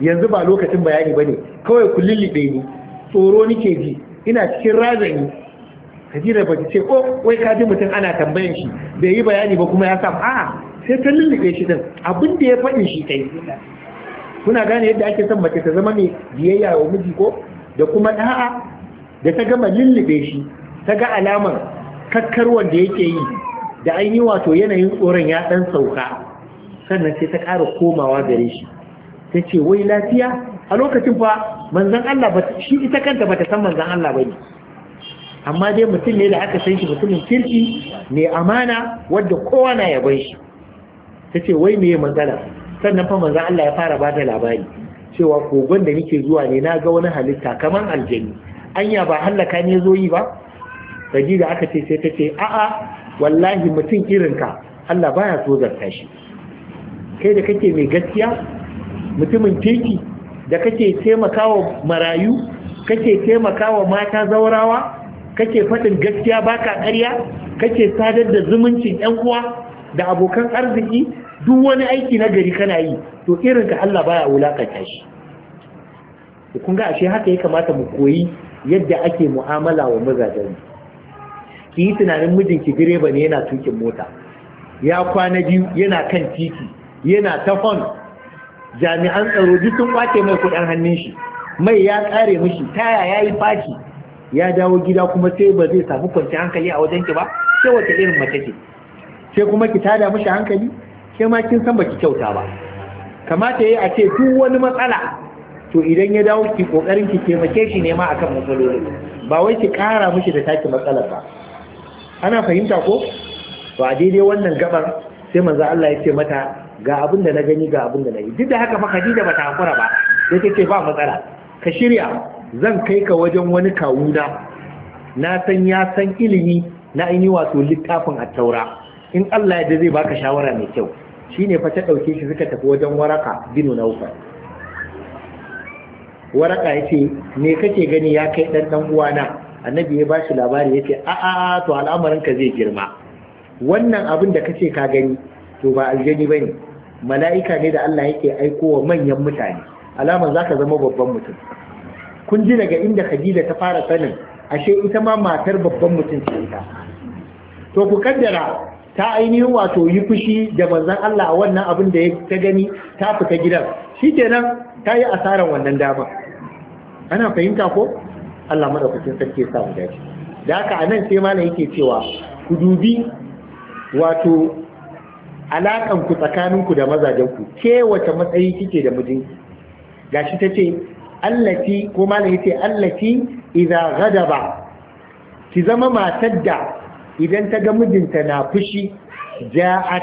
yanzu ba lokacin bayani bane kawai ku lullube ni tsoro nake ji ina cikin razani Hajira ba ce ko oh, wai ka ji mutum ana tambayan shi bai yi bayani ba kuma ya sa a sai ta lullube shi din abin da ya faɗi shi kai kuna gane yadda ake son mace ta zama mai biyayya wa miji ko da kuma da'a da ta gama lullube shi ta ga alamar kakkar wanda yake yi da an yi wato yanayin tsoron ya dan sauka sannan sai ta ƙara komawa gare shi ta ce wai lafiya a lokacin fa manzan Allah ba shi ita kanta bata san manzan Allah ba ne amma dai mutum ne da aka san shi mutumin kirki ne amana wadda kowa na yaban shi ta ce wai me matsala sannan fa manzan Allah ya fara ba labari cewa kogon da nake zuwa ne na ga wani halitta kamar aljani anya ba hallaka ne zo yi ba saji da aka ce sai ta ce a'a wallahi mutum ka Allah baya so zarta shi kai da kake mai gaskiya mutumin teki da kake taimakawa marayu kake taimakawa mata zaurawa kake faɗin gaskiya baka ƙarya kake sadar da zumuncin ƴan uwa da abokan arziki duk wani aiki na gari kana yi to irin ka Allah baya wulakanta shi to kun ga ashe haka ya kamata mu koyi yadda ake mu'amala wa mazajen ki yi tunanin mijin ki direba ne yana tukin mota ya kwana biyu yana kan titi yana ta jami'an tsaro duk sun kwace mai kudin hannun shi mai ya kare mishi taya ya yi ya dawo gida kuma sai ba zai samu kwanciyar hankali a wajen ki ba sai wata irin mace ce sai kuma ki tada mishi hankali ke ma kin san baki kyauta ba kamata yayi a ce duk wani matsala to idan ya dawo ki kokarin ki taimake shi ne ma akan matsalolin ba wai ki kara mishi da taki matsalar ba ana fahimta ko to a daidai wannan gabar sai manzo Allah ya ce mata ga abin da na gani ga abin da na yi duk da haka fa Khadija ta hakura ba sai ce ba matsala ka shirya zan kai ka wajen wani kawuna na san ya san ilimi na ainihi wato littafin at-taura in Allah yadda zai baka shawara mai kyau shine fa ta ɗauke shi suka tafi wajen waraka binu ufa waraka yace me kake gani ya kai ɗan dan uwana annabi ya bashi labari yace a a to al'amarin ka zai girma wannan abin da kace ka gani to ba aljani ne, mala'ika ne da Allah yake aiko wa manyan mutane za zaka zama babban mutum kun ji daga inda Khadija ta fara sanin ashe ita ma matar babban mutum ce ita to ku kaddara ta ainihin wato yi fushi da manzan Allah wannan abin da ta gani ta fita gidan shi kenan ta yi asarar wannan dama ana fahimta ko Allah madaukakin sarki ya samu dace da haka nan sai malam yake cewa ku dubi wato alakan tsakaninku da mazajenku, ku ke wata matsayi kike da mijinki gashi tace allati ko malam yace allati idza ba? ki zama matar da idan ta ga mijinta na fushi ja'at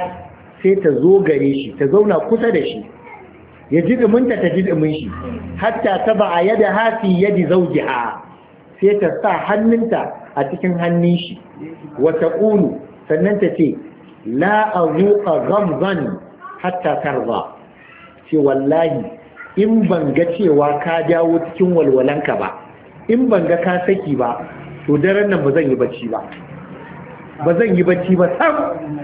sai ta zo gare shi ta zauna kusa da shi ya ji ɗuminta ta ji dumin shi hatta ta ba a yada hafi yadi a sai ta sa hannunta a cikin hannun shi wata ƙunu sannan ta ce la a zuƙa gamban hatta tarba ce wallahi in ban ga cewa ka dawo cikin walwalanka ba in ban ga ka saki ba to daren nan ba zan yi bacci ba ba zan yi bacci ba sam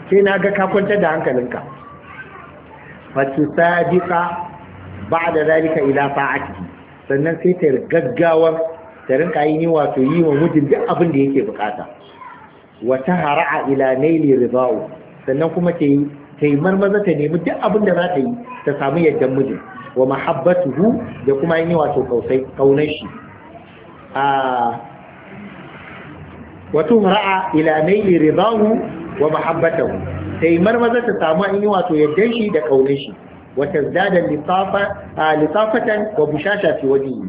sai na ga ka da hankalinka da sadiqa da zalika ila fa'ati sannan sai ta gaggawar ta rinka yi wato yi wa mijin duk abin da yake bukata wa tahara'a ila naili rida'u sannan kuma ta yi ta yi marmaza ta nemi duk abin da za ta yi ta samu yaddan mijin wa mahabbatuhu da kuma yi wato kausai kaunar shi a ah, wa tumra'a ila naili ridahu wa mahabbatahu sai marmaza ta samu an yi wato yaddan shi da kaunin shi wa tazdada litafatan wa bushasha fi wajhihi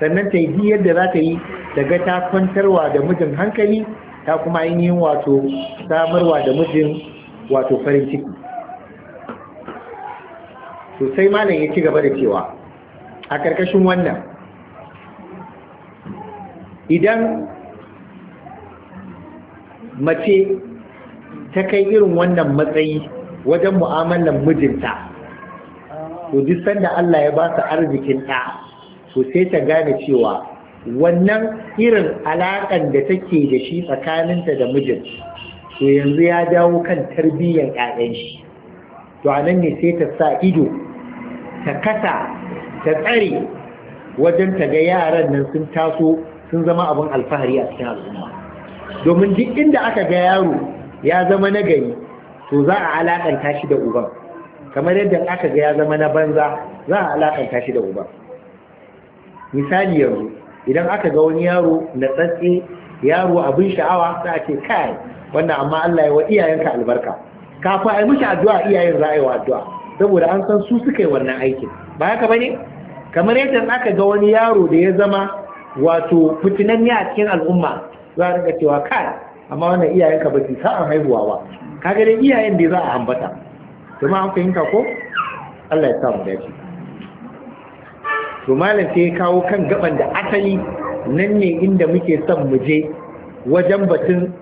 sannan ta yi yadda za ta yi daga ta kwantarwa da mijin hankali ta kuma yi wato samarwa da mijin wato farin ciki sosai malam ya ci gaba da cewa a ƙarƙashin wannan idan mace ta kai irin wannan matsayi wajen mu'amalar mijinta to duk sanda Allah ya ba su arzikin ɗa to sai ta gane cewa wannan irin alaƙan da take da shi tsakaninta da mijin to yanzu ya dawo kan tarbiyyar ƴaƴan shi to a nan ne sai ta sa ido ta kasa ta tsare wajen ta ga yaran nan sun taso sun zama abin alfahari a cikin al'umma domin duk inda aka ga yaro ya zama na gari to za a alakanta shi da uban kamar yadda aka ga ya zama na banza za a alakanta shi da uban misali yanzu idan aka ga wani yaro na tsatsi yaro abin sha'awa za a ce kai wannan amma Allah ya wa iyayenka albarka kafin a yi mishi addu'a iyayen za a yi wa addu'a saboda an san su suka yi wannan aikin ba haka bane kamar yadda aka ga wani yaro da ya zama wato fitinan ne a cikin al'umma za a cewa kai amma wannan iyayenka ba su sa'an haihuwa ba kaga dai iyayen da za a ambata ma an fahimta ko Allah ya samu dace to malam sai ya kawo kan gaban da asali nan ne inda muke son mu je wajen batun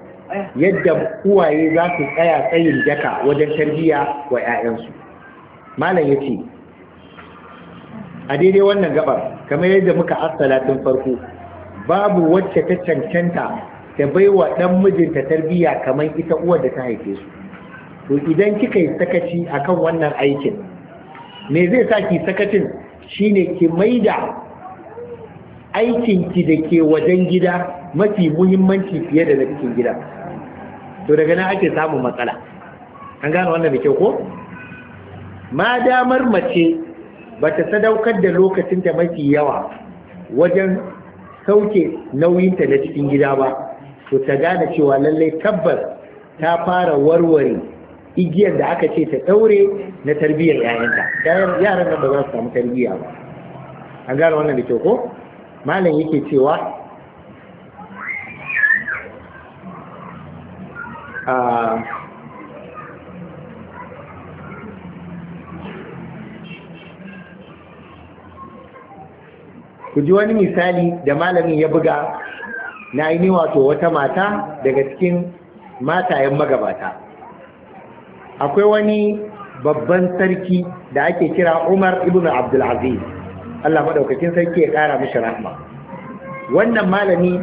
yadda uwaye za su tsaya tsayin daka wajen tarbiyya wa 'ya'yansu malam ya ce a daidai wannan gabar kamar yadda muka assala tun farko babu wacce ta cancanta ta bai wa ɗan mijinta tarbiyya kamar ita uwar da ta haife su to idan kika yi sakaci akan wannan aikin me zai sa ki sakacin shine ki maida aikin ki da ke wajen gida mafi muhimmanci fiye da na cikin gida to daga nan ake samun matsala an gane wannan da kyau ko ma damar mace ba ta sadaukar da lokacinta mafi yawa wajen sauke nauyinta na cikin gida ba to ta gane cewa lallai tabbas ta fara warware igiyar da aka ce ta daure na tarbiyyar yayanta yaran nan ba za su samu tarbiyya ba an gane wannan da kyau ko malam yake cewa a ah, ku ji wani misali da malamin ya buga na yi wato wata mata daga cikin matayen magabata akwai wani babban sarki da ake kira umar ibn abdulaziz allah maɗaukakin sarki ya ƙara mishi rahma wannan malami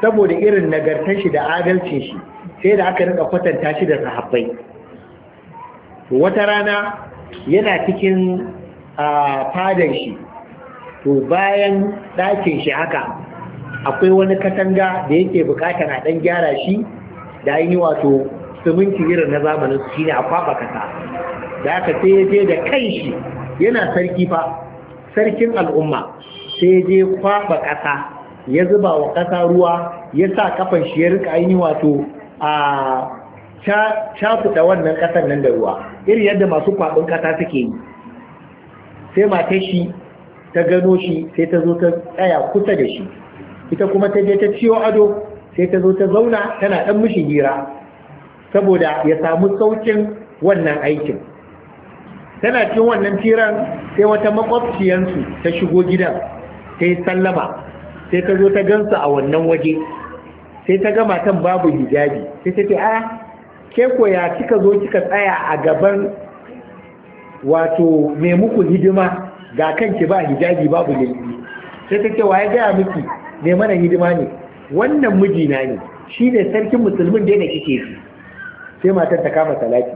saboda irin nagartar shi da adalcin shi sai da aka rika kwatanta shi da sahabbai wata rana yana cikin ah, fadar shi to bayan ɗakin shi haka akwai wani katanga da yake bukatar a ɗan gyara shi da an yi wato siminti irin na zamanin su shine a kwaba kasa da aka sai ya je da kai shi yana sarki fa sarkin al'umma sai je kwaba ƙasa ya zuba wa ƙasa ruwa ya sa kafan shi ya rika yi wato a cakuɗa wannan ƙasar nan da ruwa irin yadda masu kwaɓin ƙasa suke yi sai matashi shi ta gano shi sai ta zo ta tsaya kusa da shi ita kuma ta je ta ciyo ado sai ta zo ta zauna tana dan mishi hira saboda ya samu saukin wannan aikin tana cikin wannan tiran sai wata makwabciyansu ta shigo gidan ta yi sallama sai ta zo ta gansu a wannan waje sai ta gama tan babu hijabi sai ta ce a ah, ke koya kika zo kika tsaya a gaban wato mai muku hidima ga kanki ba hijabi babu laifi sai ta ce waye gaya miki ne mana hidima ne wannan mijina ne shi ne sarkin musulmin da da kike shi. sai matar ta kama salati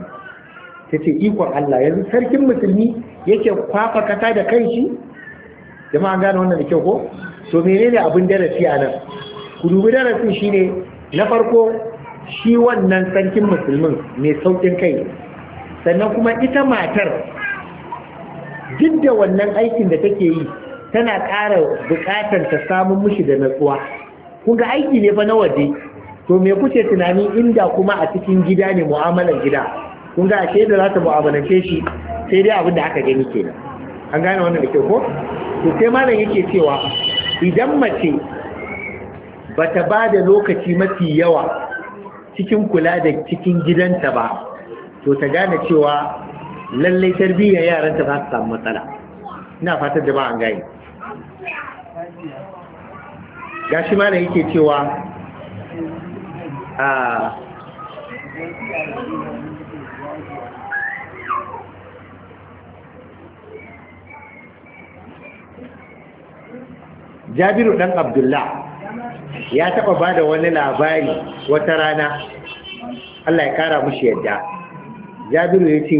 ta ce ikon Allah yanzu sarkin musulmi yake kwafa kata da kanshi jama'a gane wannan da kyau ko to menene abin darasi a nan ku dubi darasin ne. na farko shi wannan sarkin musulmin mai saukin kai sannan kuma ita matar duk da wannan aikin da take yi tana ƙara buƙatar ta samun mushi da natsuwa kun aiki ne fa na waje to me kuke tunani inda kuma a cikin gida ne mu'amalar gida kun ga ashe da za ta mu'amalance shi sai dai abin da aka gani kenan an gane wannan da ke ko to sai malam yake cewa idan mace bata ba da lokaci mafi yawa cikin kula da cikin gidanta ba to ta gane cewa lallai tarbiyyar yaran ta za su samu matsala ina fatan da ba an gashi ma da yake cewa a ah, jabiru dan abdullah ya taba ba da wani labari wata rana allah ya kara mushi yadda jabiru ya ce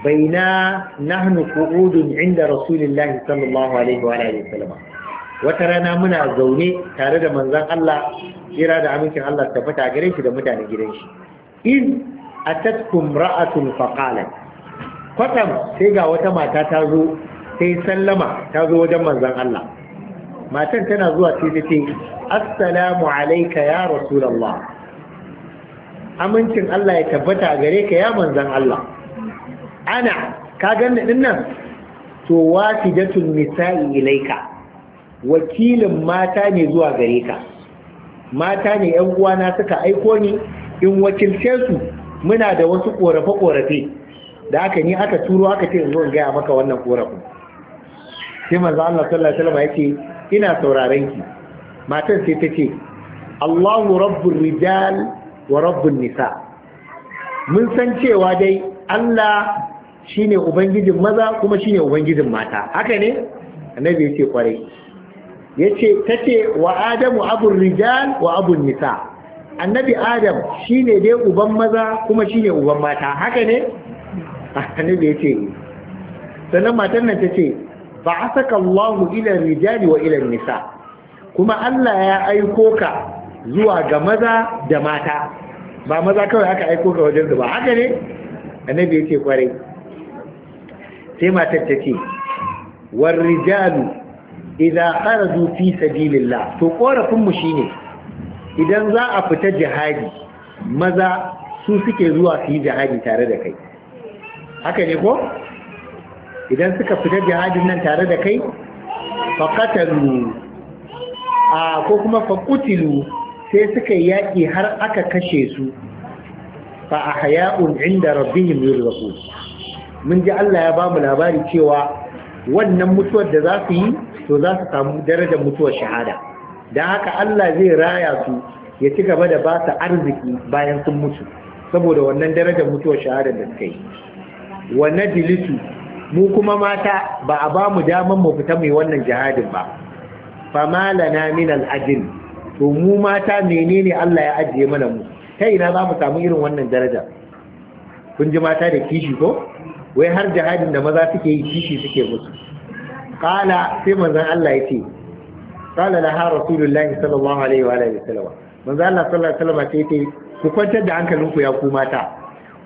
baina nahnu qu'udun inda rasulillahi sallallahu alaihi wa alihi wasallam wata rana muna zaune tare da manzon Allah kira da amincin Allah ta tabbata gare shi da mutanen gidan shi in atatkum ra'atun faqalat kwatam sai ga wata mata ta zo sai sallama ta zo wajen manzon Allah matan tana zuwa sai ta ce assalamu alayka ya rasulullah amincin Allah ya tabbata gare ka ya manzon Allah ana ka ganni din nan to wasidatun nisa'i ilaika wakilin mata ne zuwa gare ka mata ne yan uwana suka aiko ni in wakilce su muna da wasu korafe korafe da aka ni aka turo aka ce in zo in gaya maka wannan korafin sai manzo Allah sallallahu alaihi wasallam yake ina sauraron ki matar sai ta ce Allahu rabbul rijal wa rabbun nisa mun san cewa dai Allah Shi ne ubangijin maza kuma shi ne ubangijin mata haka ne annabi ya ce kwarai ta ce wa adamu abun rijal wa abun nisa annabi adam shi ne dai uban maza kuma shi ne uban mata haka ne annabi ya ce. sannan matan nan ta ce, ba tace ba'athaka Allahu ila rijali wa ila nisa kuma Allah ya aiko ka zuwa ga maza da mata ba maza kawai aka aiko ka wajen ba haka ne annabi ya ce kwarai sai matar ta ce warrijalu rijalu idza kharaju fi sabilillah to korafin mu shine idan za a fita jihadi maza su suke zuwa su yi jihadi tare da kai haka ne ko idan suka fita jihadin nan tare da kai faqatalu a ko kuma faqutilu sai suka yaki har aka kashe su fa ahya'un inda rabbihim yurzaqun mun ji Allah ya ba mu labari cewa wannan mutuwar da za su yi to za su samu darajar mutuwar shahada da haka Allah zai raya su ya ci gaba da ba su arziki bayan sun mutu saboda wannan darajar mutuwar shahada da suka yi wannan mu kuma mata ba a ba mu daman mu fita mai wannan jihadin ba fama lana min al to mu mata menene Allah ya ajiye mana mu ta ina za mu samu irin wannan daraja kun ji mata da kishi ko wai har jihadin da maza suke yi kishi suke musu kala sai manzan Allah ya ce kala laha rasulullahi sallallahu alaihi wa alihi wasallam manzan Allah sallallahu alaihi salama sai ce ku kwantar da hankalinku ya ku mata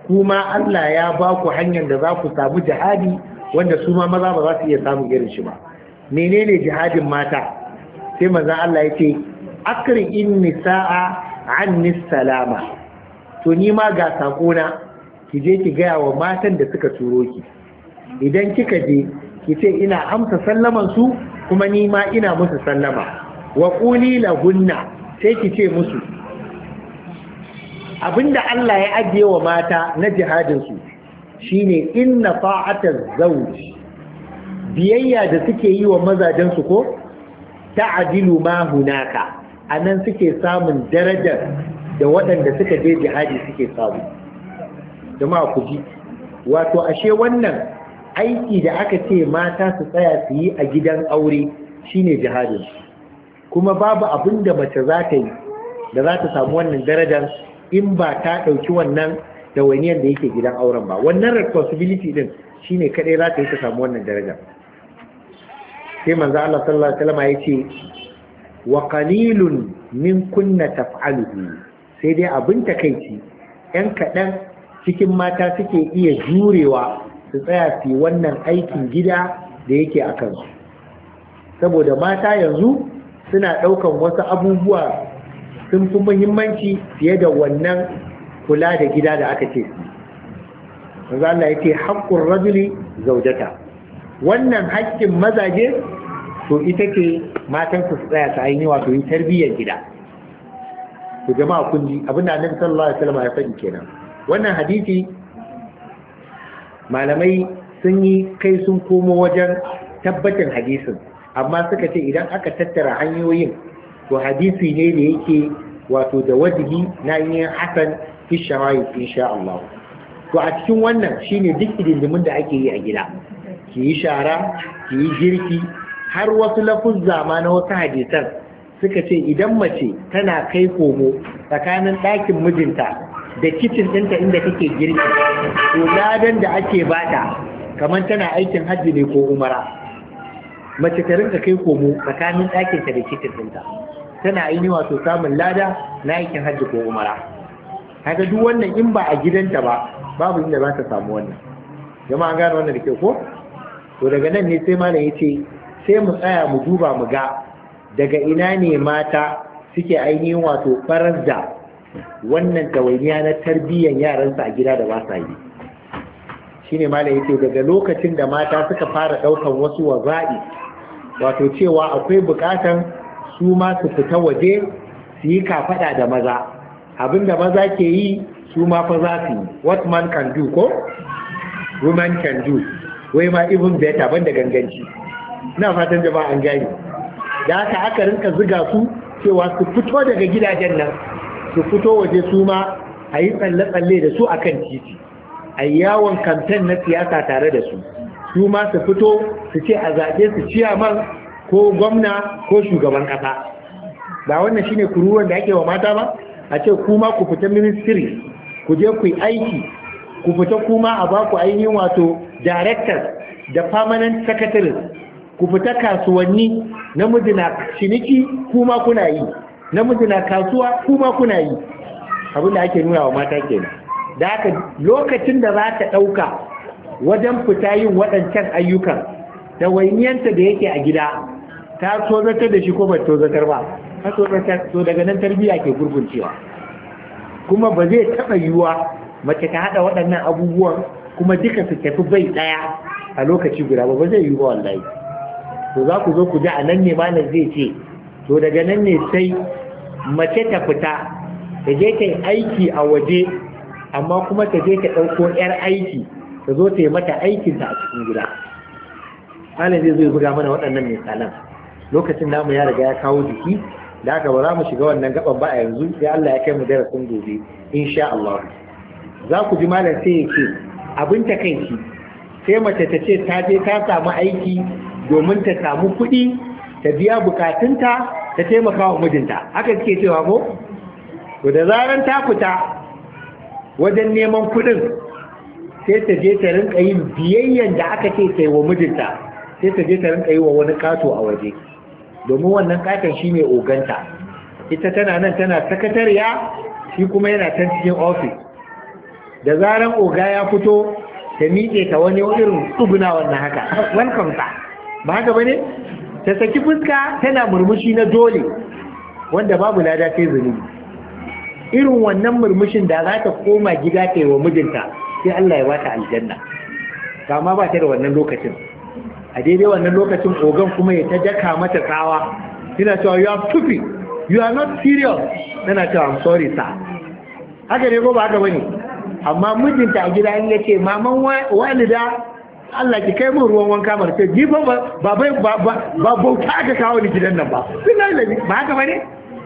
kuma Allah ya ba ku hanyar da za ku samu jihadi wanda su ma maza ba za su iya samun irin shi ba menene jihadin mata sai manzan Allah ya ce akri in nisaa an salama to ni ma ga sakona ki je ki gaya wa matan da suka turo ki idan kika je ki ce ina amsa sallaman su kuma ni ma ina musu sallama wa quli lahunna sai ki ce musu abinda Allah ya ajiye wa mata na jihadin su shine inna fa'ata zawj biyayya da suke yi wa mazajen su ko ta'dilu ma hunaka anan suke samun darajar da waɗanda suka je jihadi suke samu jama'a ku ji wato ashe wannan aiki da aka ce mata su tsaya su yi a gidan aure shine jihadin kuma babu abin da mace za ta yi da za ta samu wannan darajar in ba ta ɗauki wannan ɗawainiyar da yake gidan auren ba wannan responsibility din shine kaɗai za ta yi ta samu wannan darajar sai manzo Allah sallallahu alaihi wasallam ya ce wa qalilun min kunna taf'aluhu sai dai abin takeici yan kaɗan cikin mata suke iya jurewa su tsaya su wannan aikin gida da yake a kansu saboda mata yanzu suna ɗaukan wasu abubuwa sun fi muhimmanci fiye da wannan kula da gida da aka ce su maza Allah ya ce haƙƙun rajuli zaujata wannan haƙƙin mazaje to ita ce matan su tsaya ta ainihi wato yi tarbiyyar gida ku jama'a kun ji abin da annabi sallallahu alaihi wasallam ya faɗi kenan wannan hadisi malamai sun yi kai sun komo wajen tabbatin hadisin amma suka ce idan aka tattara hanyoyin to hadisi ne da yake wato da wajibi na yi hasan fi shamayi insha Allah to a cikin wannan shine duk idindimin da ake yi a gida ki yi shara ki yi girki har wasu lafuzza ma na wasu hadisan suka ce idan mace tana kai komo tsakanin ɗakin mijinta da kicin ɗinta inda kake girki to ladan da ake bata kamar tana aikin hajji ne ko umara mace ta rinka kai komo tsakanin ɗakinta da kitin ɗinta tana aini wato samun lada na aikin hajji ko umara haka duk wannan in ba a gidanta ba babu inda za ta samu wannan jama'a an gane wannan da ke ko to daga nan ne sai malam ya ce sai mu tsaya mu duba mu ga daga ina ne mata suke ainihin wato farar da wannan ɗawainiya na tarbiyyan yaransa a gida da ba sa yi shine malami yake daga lokacin da mata suka fara ɗaukan wasu waza'i wato cewa akwai buƙatan su ma su fita waje su yi kafaɗa da maza abinda maza ke yi su ma fa za su yi what man can do ko woman can do wai ma even better banda ganganci ina fatan jama'a an gani da haka aka rinka ziga su cewa su fito daga gidajen nan su fito waje su ma a yi tsalle-tsalle da su a kan titi a yawon kamfen na siyasa tare da su su ma su fito su ce a zaɓe su ciyaman ko gwamna ko shugaban ƙasa ba wannan shine kuruwan da ake wa mata ba a ce kuma ku fita ministry ku je ku aiki ku fita kuma a ba ku ainihin wato director da permanent secretary ku fita kasuwanni namiji na ciniki kuma kuna yi namiji na kasuwa kuma kuna yi abin da ake nuna wa mata kenan da haka lokacin da za ka ɗauka wajen fita yin waɗancan ayyukan da wainiyanta da yake a gida ta tozartar da shi ko ba tozartar ba ta tozartar to daga nan tarbiyya ke gurguncewa kuma ba zai taɓa yiwuwa mace ta haɗa waɗannan abubuwan kuma duka su tafi bai ɗaya a lokaci guda ba ba zai yiwu wallahi to za ku zo ku ji a nan ne malam zai ce to daga nan ne sai mace ta fita ta je ta yi aiki a waje amma kuma ta je ta ɗauko 'yar aiki ta zo ta yi mata ta a cikin gida halin zai zai buga mana waɗannan misalan lokacin namu ya riga ya kawo jiki da aka ba za mu shiga wannan gaban ba a yanzu sai Allah ya kai mu darasin gobe insha Allah za ku ji malam sai yake abin ta takaici sai mace ta ce ta je ta samu aiki domin ta samu kuɗi ta biya bukatunta ta taimaka wa mijinta haka suke cewa ko to da zaran ta fita wajen neman kuɗin sai ta je ta rinka yin biyayyen da aka ce sai wa mijinta sai ta je ta rinka yi wa wani kato a waje domin wannan katon shi mai oganta ita tana nan tana sakatariya shi kuma yana can cikin ofis da zaran oga ya fito ta miƙe ta wani irin tsuguna wannan haka welcome ba haka ba ne ta saki fuska tana murmushi na dole wanda babu lada sai zunubi irin wannan murmushin da za ta koma gida ta yi wa mijinta sai Allah ya bata aljanna kama ba ta da wannan lokacin a daidai wannan lokacin ogan kuma ya ta daka mata tsawa tana cewa you are stupid you are not serious tana cewa I'm sorry sir haka ne ko ba haka bane amma mijinta a gida in yace maman walida Allah ki kai mun ruwan wanka mara ce ni ba ba ba bauta aka kawo ni gidan nan ba billahi lazi ba haka bane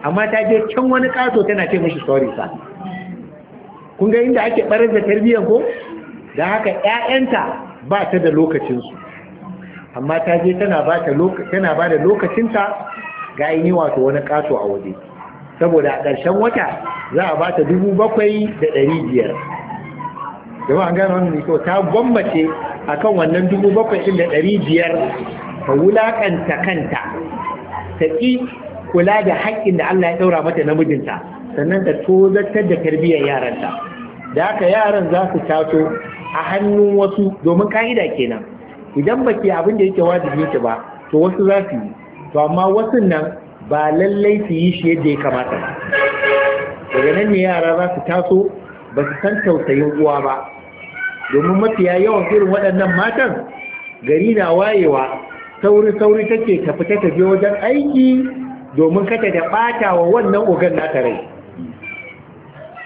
amma ta je can wani kato tana ce mishi sorry sa kun ga inda ake barar da tarbiyyar ko da haka ƴaƴanta ba ta da lokacin su amma ta je tana ba ta tana ba da lokacinta ga ainihi wato wani kato a waje saboda a ƙarshen wata za a ba ta dubu bakwai da ɗari biyar jama an gane wannan kyau ta gwammace kan wannan dubu bakwai da ɗari biyar ta wulaƙanta kanta ta ƙi kula da haƙƙin da Allah ya ɗaura mata namijinta sannan ta tozartar da tarbiyyar yaranta da haka yaran za su taso a hannun wasu domin ka'ida kenan idan ba ke abin da yake wajibi ki ba to wasu za su yi to amma wasu nan ba lallai su yi shi yadda ya kamata ba daga nan ne yara za su taso ba su san tausayin uwa ba domin mafiya yawan irin waɗannan matan gari na wayewa sauri-sauri take ta fita ta je wajen aiki domin kata da ɓata wa wannan ogan nata rai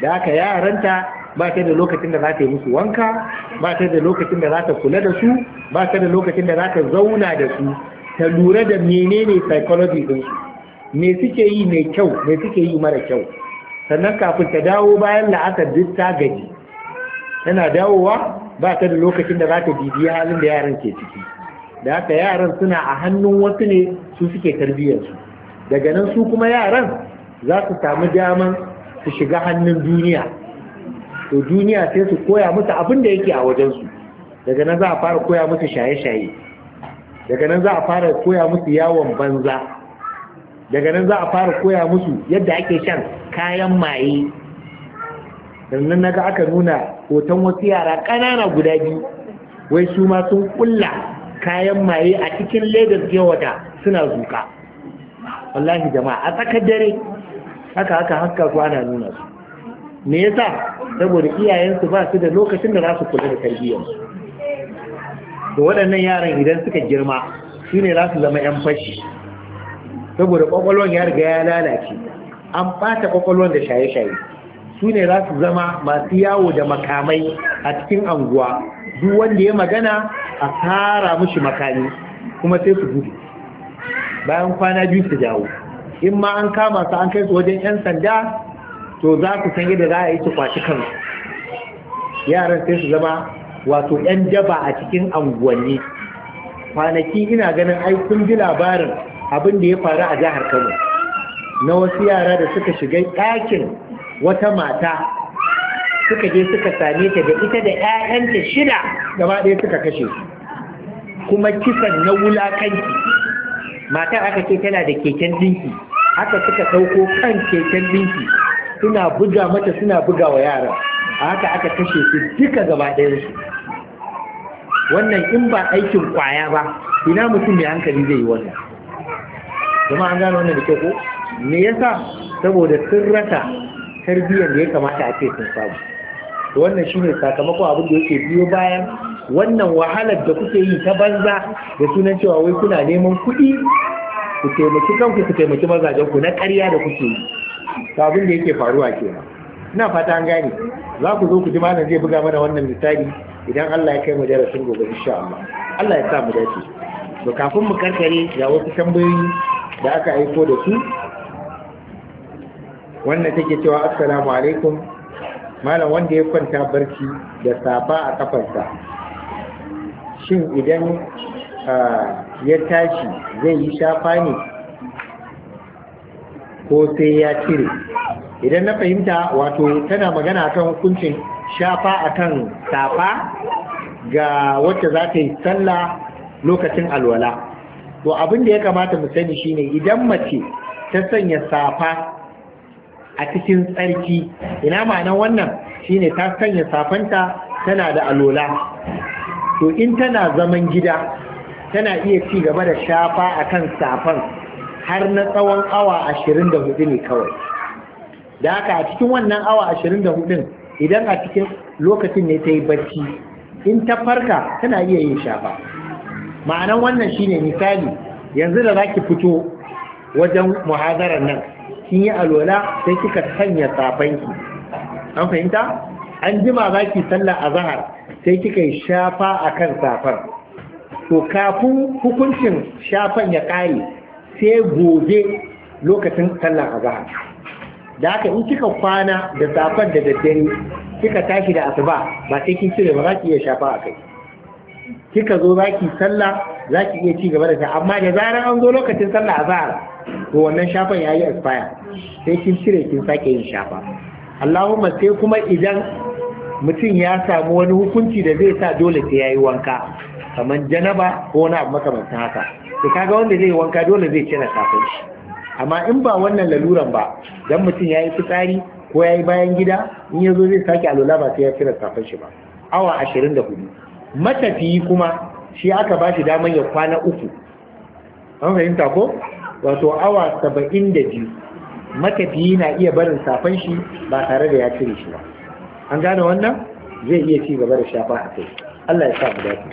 da aka yaranta ba ta da lokacin da za ta yi musu wanka ba ta da lokacin da za ta kula da su ba ta da lokacin da za ta zauna da su ta lura da menene psychology din su me suke yi mai kyau me suke yi mara kyau sannan kafin ta dawo bayan la'asar duk ta gaji tana dawowa ba ta da lokacin da za ta bibiyi halin da yaran ke ciki da haka yaran suna a hannun wasu ne su suke tarbiyyarsu daga nan su kuma yaran za su samu daman su shiga hannun duniya to duniya sai su koya musu abin da yake a wajensu daga nan za a fara koya musu shaye-shaye daga nan za a fara koya musu yawon banza daga nan za a fara koya musu yadda ake shan kayan maye sannan na ga aka nuna hoton wasu yara ƙanana guda biyu wai su ma sun kulla kayan maye a cikin Legas wata suna zuka wallahi jama'a a tsakar dare haka haka haka su ana nuna su me yasa saboda iyayensu ba su da lokacin da za su kula da tarbiyyar? da waɗannan yaran idan suka girma su ne za su zama 'yan fashi saboda ƙwaƙwalwan ya riga ya lalace an ɓata ƙwaƙwalwan da shaye-shaye su ne za su zama masu yawo da makamai a cikin anguwa duk wanda ya magana a tara mushi makami kuma sai su gudu bayan kwana biyu su jawo, in ma an kama su an kai su wajen 'yan sanda to za su san yadda za a yi tukwaci kan kansu yaran sai su zama wato 'yan daba a cikin anguwanni kwanaki ina ganin ai kun ji labarin abin da ya faru a jihar kano na wasu yara da suka shiga ɗakin wata mata suka je suka same ta da ita da 'ya'yanta shida gaba ɗaya suka kashe su kuma kisan na wulakanci Mata aka ce tana da keken dinki haka suka ɗauko kan keken dinki suna buga mata suna buga wa yara a haka aka kashe su duka gaba ɗaya su wannan in ba aikin kwaya ba ina mutum mai hankali zai yi wannan kuma an gano wannan da ke ko me yasa saboda sun rasa tarbiyyar da ya kamata a ce sun samu wannan ne sakamakon abin da yake biyo bayan wannan wahalar da kuke yi ta banza da sunan cewa wai kuna neman kuɗi ku taimaki kanku ku taimaki mazajen ku na ƙarya da kuke yi to abin da yake faruwa ke kenan ina fata an gane za ku zo ku ji malam zai buga mana wannan misali idan Allah ya kai mu darasin gobe insha Allah Allah ya sa mu dace to kafin mu karkare ga wasu tambayoyi da aka aiko da su wannan take cewa assalamu alaikum malam wanda ya kwanta barci da safa a kafarsa shin idan ya tashi zai yi shafa ne ko sai ya cire idan na fahimta wato tana magana kan hukuncin shafa akan safa ga wacce za ta yi sallah lokacin alwala to abin da ya kamata mu sani shine idan mace ta sanya safa a cikin tsarki ina ma'anar wannan shine ta sanya safanta tana da alola to in tana zaman gida tana iya ci gaba da shafa a kan safan har na tsawon awa 24 ne kawai da haka a cikin wannan awa 24 idan a cikin lokacin ne ta yi barci, in ta farka tana iya yin shafa ma'anan wannan shine misali yanzu da za ki fito wajen muhazarar nan kin yi alwala sai kika sanya safanki an fahimta an jima za ki sallar azahar sai kika yi shafa a kan safar to kafin hukuncin shafan ya ƙare sai gobe lokacin sallar azahar da haka in kika kwana da safar da daddare kika tashi da asuba ba sai kin cire ba za ki iya shafa a kai kika zo za ki sallah za ki iya ci gaba da ta amma da zarar an zo lokacin sallah a zahar to wannan shafan ya yi expire sai kin cire kin sake yin shafa Allahumma sai kuma idan mutum ya samu wani hukunci da zai sa dole sai ya yi wanka kamar janaba ko wani abu makamantan haka to kaga wanda zai yi wanka dole zai cire kafin shi amma in ba wannan laluran ba dan mutum ya yi fitsari ko ya yi bayan gida in ya zo zai sake alwala ba sai ya cire kafin shi ba awa ashirin da hudu matafiyi kuma shi aka ba shi damar ya kwana uku an fahimta ko wato awa saba'in da biyu matafiyi na iya barin safan shi ba tare da ya cire shi ba an gane wannan zai iya ci gaba da shafa a kai Allah ya sa mu dace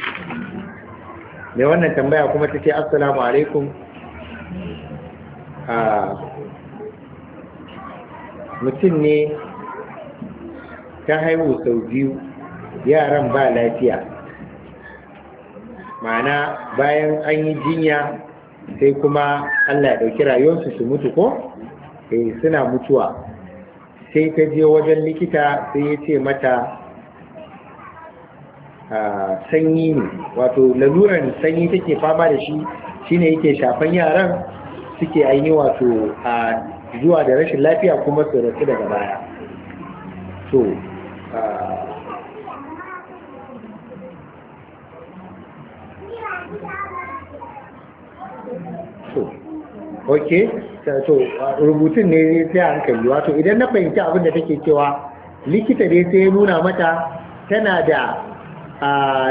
mai wannan tambaya kuma ta ce assalamu alaikum ah, mutum ne ta haihu sau biyu yaran ba lafiya ma'ana bayan an yi jinya sai kuma Allah ya ɗauki rayuwarsu su mutu ko eh suna mutuwa sai ta je wajen likita sai ya ce mata ah, sanyi ne wato laluran sanyi take fama da shi shine yake shafan yaran suke ainihi wato a zuwa da rashin lafiya kuma su rasu daga baya so ok to rubutun ne sai hankali wato idan na fahimci abin da take cewa likita dai sai nuna mata tana da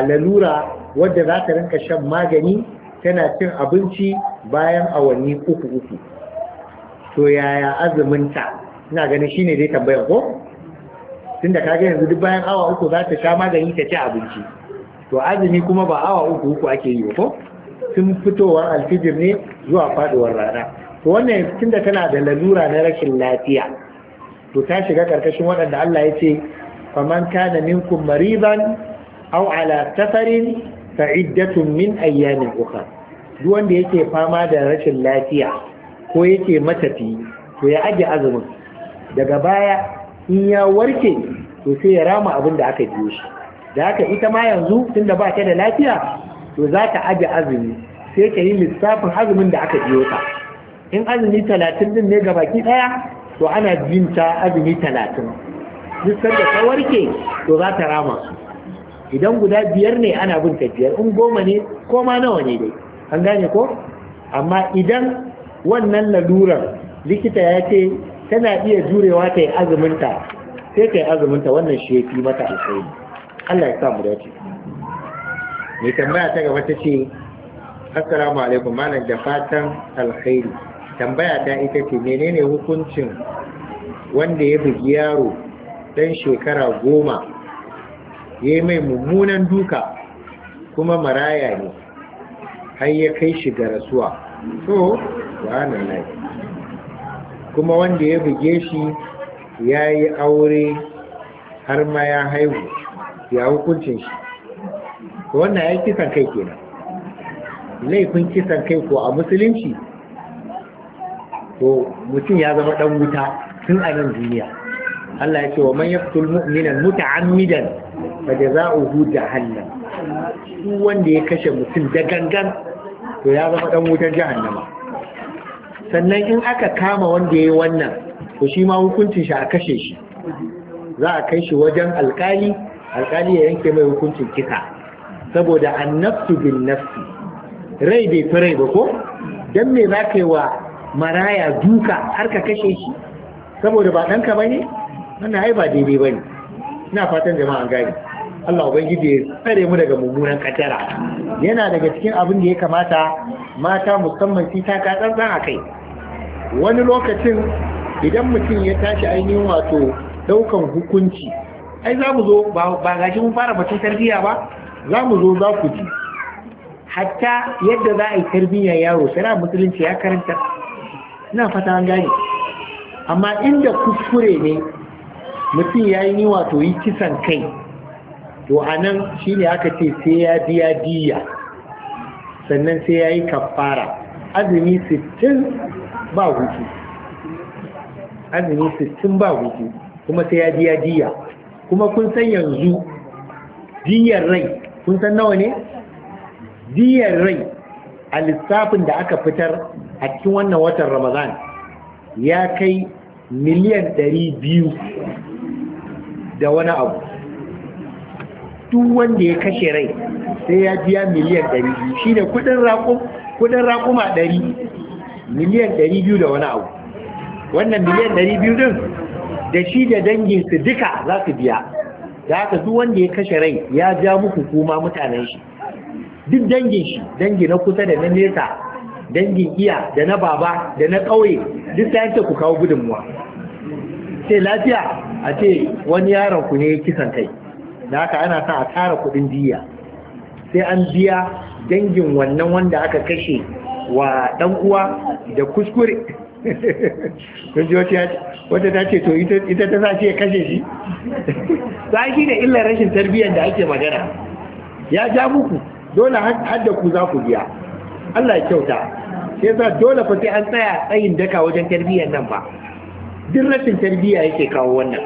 lalura wadda za ta rinka shan magani tana cin abinci bayan awanni uku uku to yaya azuminta ina ganin shine dai tambayar ko tunda kaga yanzu duk bayan awa uku za ta sha magani ta ci abinci to azumi kuma ba awa uku uku ake yi ba ko sun fitowar alfijir ne zuwa faduwar rana to wannan da tana da lalura na rashin lafiya to ta shiga karkashin waɗanda Allah ya ce faman kana minkum mariban aw ala safarin fa iddatun min ayyamin ukhra duk wanda yake fama da rashin lafiya ko yake matafi to ya aje azumin daga baya in ya warke to sai ya rama abin da aka biyo shi da haka ita ma yanzu tunda ba ta da lafiya to za ka aje azumi sai ka yi lissafin azumin da aka biyo ta in azumi talatin din ne ga baki ɗaya to ana jinta ta azumi talatin duk da ta warke to za ta rama idan guda biyar ne ana bin ta biyar in goma ne ko ma nawa ne dai an gane ko amma idan wannan lalurar likita ya ce tana iya jurewa ta yi azuminta sai ta yi azuminta wannan shi ya fi mata alkhairi Allah ya sa mu dace mai tambaya ta gaba ta ce assalamu alaikum malam da fatan alkhairi tambaya ta ita ce menene hukuncin wanda ya bugi yaro dan shekara goma ya yi mai mummunan duka kuma maraya ne har ya kai shi ga rasuwa so subhanallah kuma wanda ya buge shi ya yi aure har ma ya haihu ya hukuncin shi to wannan ya kisan kai kenan laifin kisan kai ko a musulunci Ko mutum ya zama dan wuta tun a nan duniya Allah ya ce wa man yaqtul mu'mina muta'ammidan fa jazaohu jahannam duk wanda ya kashe mutum da gangan to ya zama dan wutar jahannama sannan in aka kama wanda yayi wannan to shi ma hukuncin shi a kashe shi za a kai shi wajen alkali alkali ya yanke mai hukuncin kisa saboda nafsu bin nafsi rai bai fi rai ba ko don me za ka yi wa maraya duka har ka kashe shi saboda ba ɗanka ba ne wannan ai ba daidai ba ne ina fatan jama'a gani Allah ubangiji ya tsare mu daga mummunan katara yana daga cikin abin da ya kamata mata musamman shi ta ka tsantsan a kai wani lokacin idan mutum ya tashi ainihin wato ɗaukan hukunci ai za mu zo ba gashi mun fara batun tarbiyya ba za mu zo za ku ji hatta yadda za a yi tarbiyyar yaro sana musulunci ya karanta ina fata an gane amma inda kuskure ne mutum ya yi wato yi kisan kai to a nan shi ne aka ce sai ya biya diya sannan sai ya yi kafara azumi sittin ba hutu azumi sittin ba hutu kuma sai ya biya diya kuma kun san yanzu diyar rai kun san nawa ne diyar rai a lissafin da aka fitar a cikin wannan watan ramadan ya kai miliyan ɗari biyu da wani abu duk wanda ya kashe rai sai ya biya miliyan ɗari biyu shi ne kudin rakuma ɗari miliyan ɗari biyu da wani abu wannan miliyan ɗari biyu din da shi da danginsu duka za su biya da haka duk wanda ya kashe rai ya ja muku kuma mutanen shi duk dangin shi dangi na kusa da na nesa dangin iya da na baba da na ƙauye duk ta ku kawo gudunmuwa Sai lafiya a ce wani yaron ku ne kisan kai da haka ana sa a tara kuɗin jiya. sai an biya dangin wannan wanda aka kashe wa ɗan uwa da kuskure [LAUGHS] kun ji wata wadda ta ce to ita ta sa ya kashe shi za [LAUGHS] shi ne illar rashin tarbiyyar da ake magana ya ja muku dole har ku za ku biya Allah ya kyauta sai za dole fa sai an tsaya tsayin daka wajen tarbiyyar nan ba duk rashin tarbiyya yake kawo wannan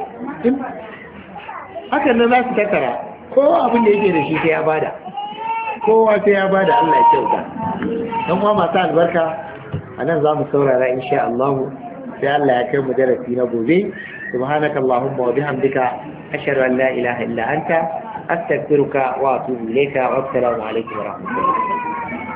hakan nan za su tattara kowa abin da yake da shi sai ya bada kowa sai ya bada Allah ya kyauta dan uwa masu albarka a nan za mu saurara insha Allah sai Allah ya kai mu darasi na gobe subhanaka allahumma wa bihamdika ashhadu an la ilaha illa anta astaghfiruka wa atubu ilayka wa assalamu alaikum wa rahmatullahi